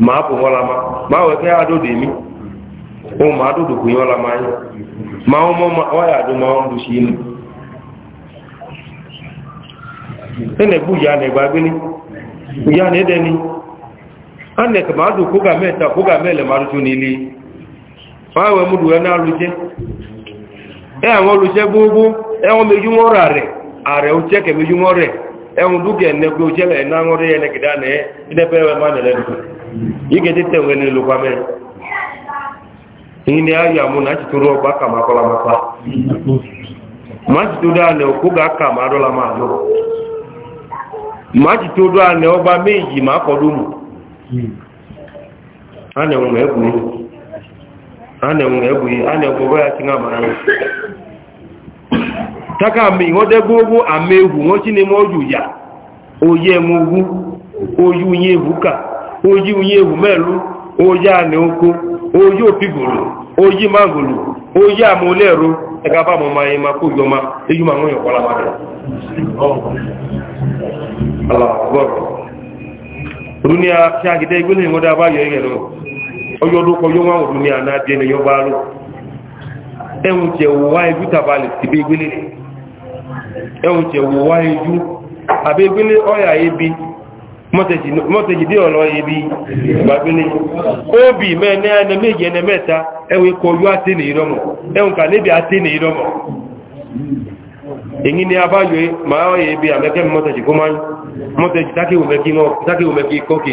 ma bụ nwalama ma wete ya adụ dị mi ụmụ adụdụ kwụ nwalama anyị ma ụmụ nwanyị adụ ma ọmụ si inu ị e na-egbu ya na ịgbagbili ya na edeni a na ekema adụ kwụga meta kwụga mele ma arụtụ n'ili ma wee mụdụ wee na-arụche e ike tete nwe n'elu kwame ihe ndị ahụ ya mụ na achịtụrụ ọgba aka ma akọla makpa ma achịtụrụ a na okwu ga-aka ma adọla m adọ ma achịtụrụ a na ọgba meji ma akọdụ ụmụ a na-enwe ma egwu a na-enwe ma egwu a na-egwu ya tinye amara ya taka mi wọ́n dẹ́gbó ogún àmì ewu wọ́n sí ni mọ́ ojú oyi oyé ẹmọ ogún oyú yín ìbúkà oyi unye ewu m'elu anị okwu oji opigoro oji oyi oji amoleru ẹgaba amụma ya ma kó yọma eyi ma nwunye kwala mmadụ dunia ti agide igbe lè mọ́dá bá yọ ẹgẹ̀ lọ ọjọ́ ọdúnkọ yóò wá òdúnmí ebi. mọ́tẹ̀jì dị ọ̀rọ̀ ibi gbàgbélé óbì mẹ́ẹ̀nẹ́ ẹni méjì ẹni mẹ́ta ẹwẹ́ kọjú àti ní ìrọmọ̀ ẹun kà níbi àti ní ìrọmọ̀ èyí ni a bá yọ máa ọ̀yẹ̀ ibi àmẹ́kẹ́ mọ́tẹ̀jì kó máa mọ́tẹ̀jì tákìwòmẹ́kì kọ́kì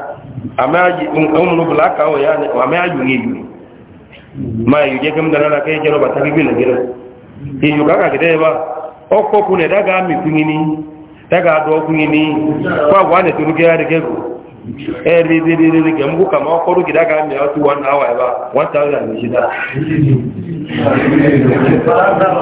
amaji umunu um, um, bulaka um, o oh, yani oh, amaji ngiyu ma yuje kam dana la kay jero bataki bi la gero yiyu kaka gide ba okko kune daga mi kungini daga do kungini kwa wane turuke ya de e, ko e ri ri ri ri gem ko kama okko ru gidaga mi atu wan awa ba 1000 shida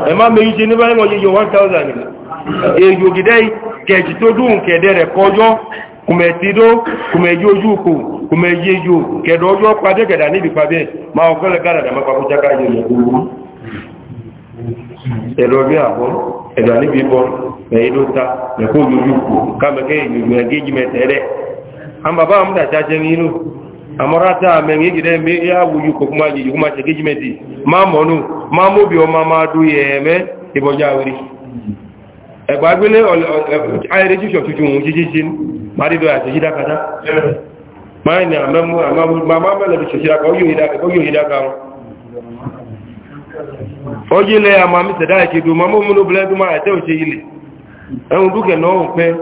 e ma me yuje ni ba mo yiyu 1000 e yu e, gidai ke jitodun ke dere kojo kumetido kumejo juku kumejeju kedojo kwade keda ni bipabe ma okole gara da makwa kujaka yo kuru elobi abo edani bibo meidota ne ko juku kama ke yumegeji metere amba ba amda chache ninu amorata amengi gide me ya kuma ji kuma che meti ma monu ma o ma ma du yeme iboja marido ya ce hida kaza mai ne amma amma mama la bishi hida ka oyo oyo ka oji le ya se da ke du mamu munu bule du ma ate e o se ile en du no pe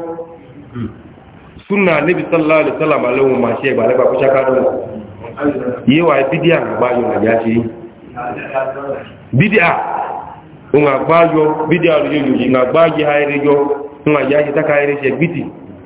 sunna nabi sallallahu alaihi wasallam ma she ba le ba ku do wa e bidia ba yo na ya se bidia un bidia lo yo yo ngagbaji haire yo se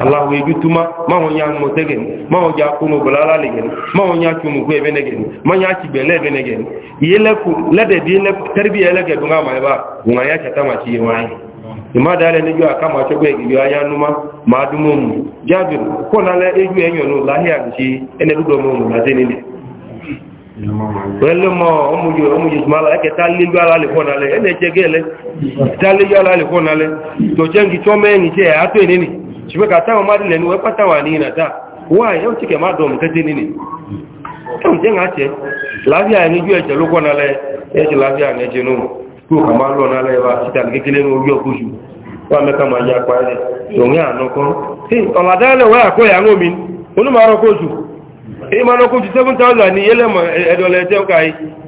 ala ejutuma mawo nya motegen mawo ja kunu bulala legen mawo nya tumu gwe benegen manya ci bele benegen yele ku lede di le tarbiya lege dunga mai ba dunga ya ta ma ci wai ima dale ni jua kama cho gwe e e ya numa madumum jabir ko na le eju enyo no lahia nchi ene dudo mo mo na tenini pẹ̀lú mọ́ ọmọdé ọmọdé ìsìnmọ́lá ẹkẹ tàlẹ́jú alálẹ́fọ́nalẹ́ ẹ̀ẹ́dẹ̀ẹ́jẹ́gẹ́lẹ́ tàlẹ́jú alálẹ́fọ́nalẹ́ tó jẹ́ ń kí tọ́mẹ́ ẹ̀yìn tí ẹ̀ ṣùgbẹ́ kàtàwọn máa nílẹ̀ ní wọ́n pàtàwà ní ìrìnàta wà yóò tí kẹ máa dọ̀mù tẹ́tẹ́ nínú ẹ̀hùn jẹ́ ǹkàtẹ́ láàáfíà níjú ẹ̀jẹ̀ ló kọ́ nálẹ́ ẹ̀jẹ̀ láàáfíà nẹ́jẹ̀ náà kí o kà máa lọ nálẹ́ bá síta kékeré ní orí ọkọ̀ jù wà mẹ́ka máa yá pa ẹ̀ tòun yà àná kan ọ̀làdálẹ̀ wọ́n àkọ́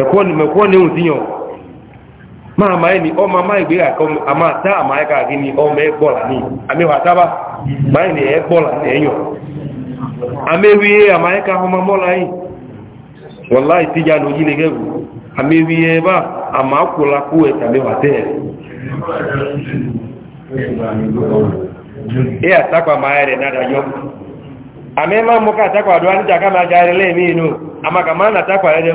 ẹ̀kọ́ ni mẹ́kọ́ ni òun ti yàn máa máa ní ọmọ máa ìgbé àkọ́ àmà tá àmà ẹ̀ka àti ní ọmọ ẹ̀ bọ́ọ̀là ní àmẹ́wà tábà máa ní ẹ̀ bọ́ọ̀là ní ẹ̀yàn àmẹ́wì àmà ẹ̀ka ọmọ mọ́lá yìí wọ́n láì tíjà ní ojílẹ̀ gẹ́gù àmẹ́wì ẹ̀ bá àmà kùlà kú ẹ̀ tàbẹ́wà tẹ́ ẹ̀ ẹ̀ àtàkpà máa rẹ̀ náà dájọ́ àmẹ́ máa mọ́ ká àtàkpà àdúrà níjà ká máa járe lẹ́ẹ̀mí inú àmàkà máa nà àtàkpà ẹ̀rẹ́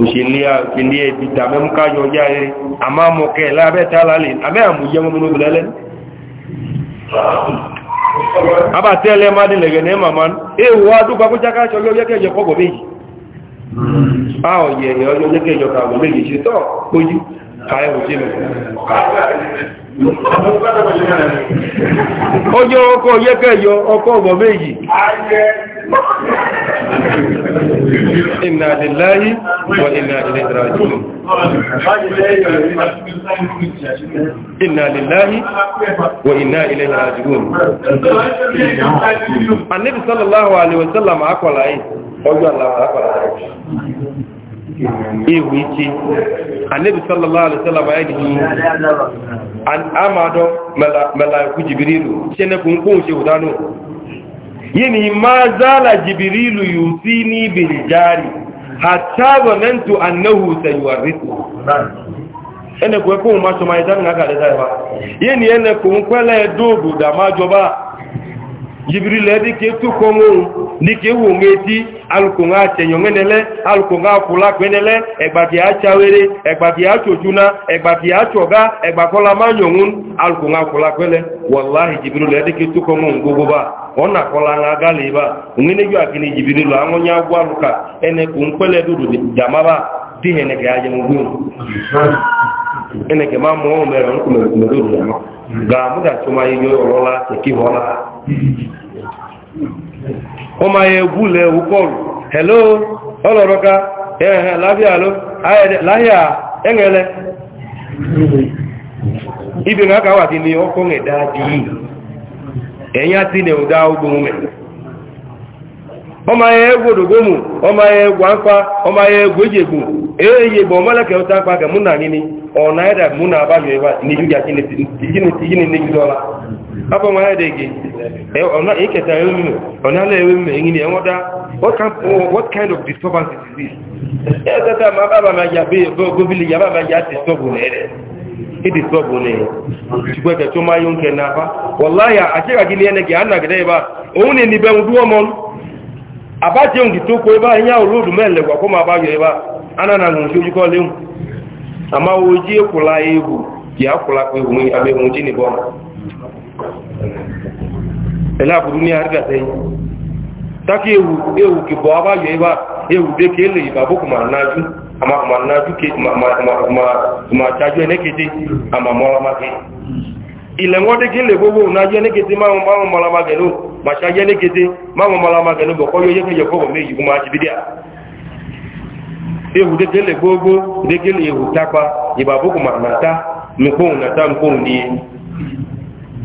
òṣèlú òṣèlú ẹ̀dì tàbẹ́ mú káyọ ọjá rẹ̀ a máa mọ̀ kẹ́ lábẹ́ tààlálẹ̀ abẹ́ àmúyẹ mọ́mọ́ lẹ́lẹ́ abàtẹ́lẹ̀ máa nílẹ̀ gẹ̀ẹ́ màmá èèwọ̀ adúgbà kó jákàṣọ yọ́jẹ́kẹ́jọ kọ́gbọ̀ méjì báwọ̀yẹ̀ yọ́jẹ́kẹ́jọ kàgbọ̀ méjì ṣe tọ́ pójú káyẹ̀ òṣèlú ọjọ́ ọkọ̀ yẹ́kẹ́jọ ọkọ̀ ọgbọ̀ méjì inna lillahi wa inna ilaihi raji'un inna lillahi wa inna ilaihi raji'un annabi sallallahu alaihi wasallam akwala yi ojú aláwọ̀ akwala yi ewu ichi annabi sallallahu alaihi wasallam ainihi amado mala ikuji biriru ṣe ne kun kun yini ma zala jibirilu yusini bil jari hatta zanantu annahu sayuwarrithu ene ko ko ma so ma idan na ka da ba yini ene ko kwele dogo da jibirila dị ka etukonwụ dịka ewonwe eti alụkonga achenyoenele alụkonga akwụla kpenele egbagi achawere egbagi achojuna egbagi achọga egbakọla manyonwụ alụkonga akwụla kpele wallahi jibirila dị ka etukonwụ mgbogoba ọ na-akọla na agala ebe a onwenegị akini jibirila anwụnye alụka enekwu wọ́n máa yẹ gúlẹ̀ òkọlù hello ọlọ́rọ́ká ẹ̀hẹ̀ lábíà ló láyà ẹ̀rẹ̀lẹ̀ ibi ǹkan wà tí ni ọkọ̀ rẹ̀ dáa di yìí ẹ̀yìn ọma ogun mẹ́ ọmọ ayẹ gbòdògbòmù ọmọ ayẹ abọ nwa ya dị gị ịketa ewume ọ enyi na enweta what kind of disturbance is this ya ma baba ma ya gobili ya baba ya disturb na ere idisturb na chukwu eke chụma yi nke na afa wallahi achịkwa gị n'ene gị ana gịda ebe a onwu na enibe nwudu ọmọ abaje ngi to ko ebe anya olodu mele gwa ko ma ba yo ana na ngu ju ko lewu ama oji ewu ya kula ko ewu abe ngu ji ni ẹ̀lẹ́ àbúrú ní àrígbà sẹ́yìn tákì ewu ewu kìbọ̀ abáyọ ibá ewu dé kí èlè ìbàbókù máa náájú àmàkùmà náájú àmàkùmà ẹnẹ́kẹ́tẹ́ àmàmọ́lámákì ilẹ̀ wọ́n dé kí lè gbogbo náájú ẹnẹ́kẹ́tẹ́ máwọn mọ́lámákẹ̀lú màṣájú ewu dé kí lè gbogbo dé kí lè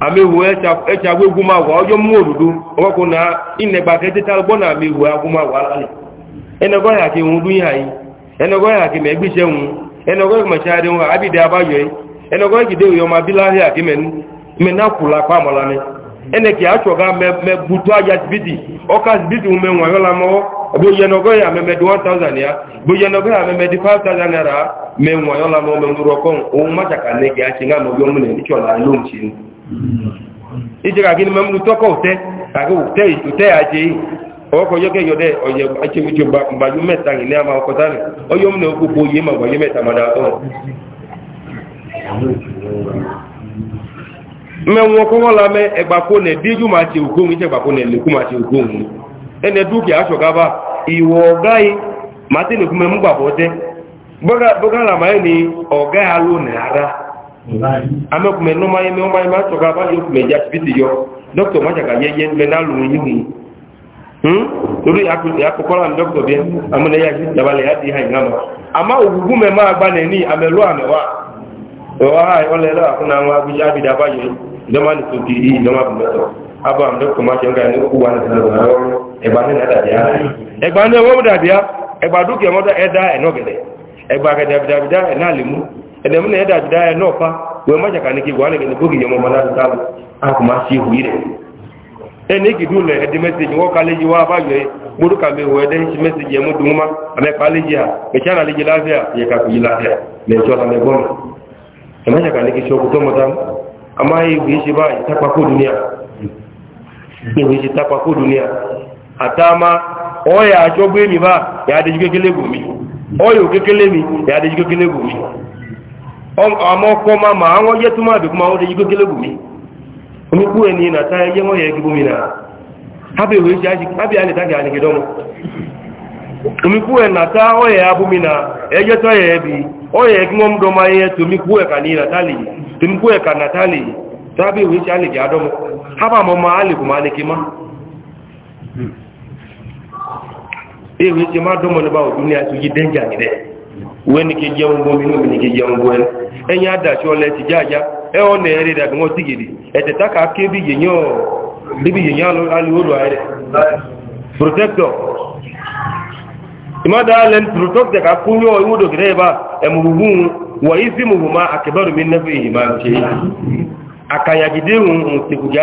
amewu echa agwa egwu ma ọjọọ mmụọ odudu ọgbakọ na inegba ka eteta ụgbọ na amewu agwụ magwa alali enegọ ya ka enwu dunye anyị enegọ ya iche nwu enegọ ya mechagharị nwa abide abayọ enegọ gide uyo ma bila ahịa ka mena kwụla akpa amalani eneke ya chọga mebutu aja zibidi ọka zibidi ume nwa yọla mọwọ ya memedi 1000 ya bụ yenogọ ya memedi 5000 naira me nwa yọla mọwọ menwuru ya chi nga ma na na ije ka gini mamu toko ute kage ụtẹ ute aje oko yoke yode oye ache ujo ba yu meta ni ama oko tani oyo mne oku bo ye ma ye meta mada to me won ko wala me egba ma ti uko mi je egba ko ne ma ti uko mi ene duki aso gaba ma ti na me mu gba bo ni ara amekume no maye me maye ma to ga ba yo me ja biti yo doctor ma ye ye me na lu ni hu hm tori aku ya ko kola doctor bi amune ya ama ma gba ne ni amelu ame wa e wa hai ole la kuna wa bi ja da ba yo de ma ni to di de ma bi to aba am doctor ma jenga ni ku wa ni na e ba ni na da ya e ba ni wo da ya e mo da e da e no gele e da da e le mu ẹ̀dẹ̀ mú ẹ̀dà àjìdá ẹ̀ náà pa wọ́n má jàkà ní kí wà lẹ́gbẹ̀ẹ́ gbógi yẹmọ ọmọ láti dáàbò àkùn máa ṣe ìwúrí rẹ̀ ẹni ìgìdú lẹ̀ ẹ̀dẹ̀ mẹ́sẹ̀jì wọ́n ká léjì wá abájọ́ ẹ̀ gbórúkà mi wọ ẹ̀dẹ̀ ṣe mẹ́sẹ̀jì ẹ̀mú dùn má àmẹ́pà léjì à ẹ̀ṣánà léjì láfíà la má jàkà ní kí ìwé ṣe bá ìwé ṣe àtàmà àjọgbé mi bá kékeré mi òkékeré mi àmọ́ kọ́ máa máa wọ́n yẹ́ tó máa dùkú máa wọ́n tẹ igbó gẹ́lẹ́gùn mi omi kú ẹni na táyẹ yẹ́ wọ́n yẹ gbogbo mi náà hábẹ̀ ìwé ṣe hábẹ̀ alìtàgẹ̀ alìgẹ̀dọ́mù omi kú ẹ̀ na tá ọ̀yẹ̀ abú mi náà ẹjẹ́ tó yẹ bí ọ̀yẹ̀ kí wọ́n dọ́ máa yẹ tomi kú ẹ̀ka ní nàtàlì tomi kú ẹ̀ka nàtàlì tábẹ̀ ìwé ṣe alìgẹ̀ adọ́mù hábà mọ́ máa alìkù máa nìkí weni ke jẹun bo minu mini ke jẹun bo ẹni ẹyin adasi ọlẹ ti jaja ẹ nà ẹrẹ dàbí wọn ti gidi ẹtẹ ké bi yẹnyẹ ọ bíbi protector ìmọ̀dá alẹ́ protector ká kún yọ ìwúdò kìdẹ́ yẹba ẹ̀mùrùgún wọ̀ ìsì mùhùmá akẹbẹ́rù mi nẹ́fẹ̀ èyí máa ń ṣe àkànyàgídé ń tẹ̀kùjá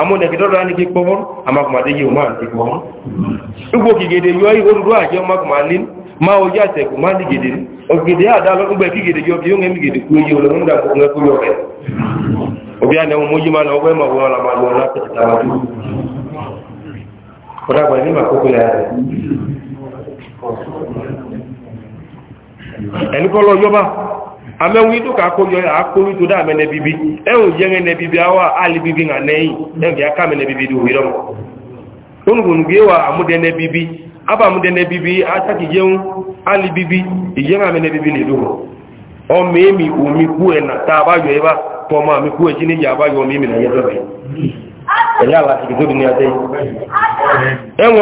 àmọ́ nẹ̀kìdọ́dọ̀ á ní kí pọ́wọ́n àmàkùnmáde yìí máa ń ti pọ́wọ́n gbogbo gègèdè yọ olùdó àjẹ́ ọmọkùnmálé máa ojú àtẹ̀kù máa ní gèdè ògèdè àdá lọ́gbẹ̀ kí gèdè yọ bí ó ń gẹ́mí gèdè kú yí olóhùn dàgbò ń gẹ́kú yọ rẹ̀ òbí àná ọmọ yìí máa lọ́wọ́ ẹ̀mọ̀ wọn làmà lọ láti tàwájú kọ́dàgbà ní màkókò yà rẹ̀ ẹnukọ́ lọ yọba amẹ́wọ̀n yìí tó ka kó yọ àkóyí tó dá àmẹ́nẹ bíbí ẹ̀hùn yẹ́rẹ́ nẹ bíbí àwọ̀ àlì bíbí nà nẹ́yìn ẹ̀hùn yà kàmẹ́nẹ bíbí dò wílọ́ onugbonugbe wa amúdẹ́nẹ bíbí abà amúdẹ́nẹ bíbí atákì yẹ́hùn àlì bíbí ìyẹ́rẹ́ bíbí lè ọmọ èmi omi kú nà tá ẹ bá ọmọ àmì kú níyà ọmọ èmi nà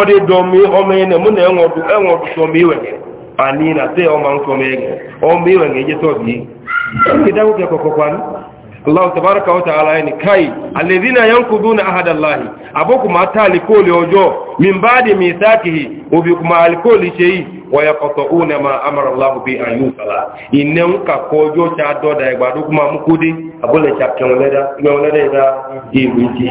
di ní mi ani na te o man ko mege o mi wa ngeje to bi kidawu ke koko kwan Allah tabaraka wa ta'ala yani kai alladhina yankuduna ahada Allah aboku matali koli ojo min badi mithakihi ubikuma alkoli shei wa yaqta'una ma amara Allah bi an yusala inen ka kojo cha doda e gbadu kuma mukudi abule cha kenoleda ngoleda ida ibuji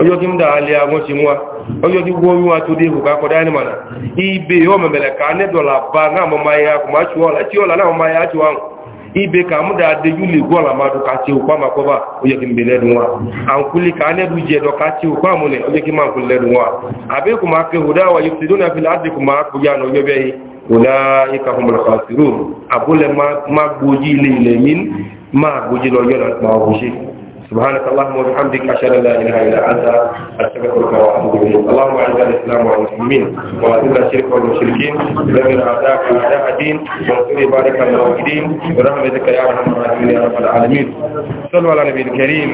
onye gị m daalị agụchi nwa onye gị gwa onye nwatụ dị ihu ka akọda anyị mana ibe o ka ma chụọla chiọla ibe ka m da adị uli ọla mmadụ ma kọba onye gị ka edo ka ma nkwulile dị nwa abịakwụ ya na onye bịaghị ulaika humul khasirun ma gboji na ile ma سبحانك اللهم وبحمدك أشهد أن لا إله إلا أنت أستغفرك وأتوب إليك اللهم أعز الإسلام والمسلمين وأذل الشرك والمشركين دمر أعداءك أعداء الدين وانصر عبادك الموحدين برحمتك يا أرحم الراحمين يا رب العالمين صلوا على النبي الكريم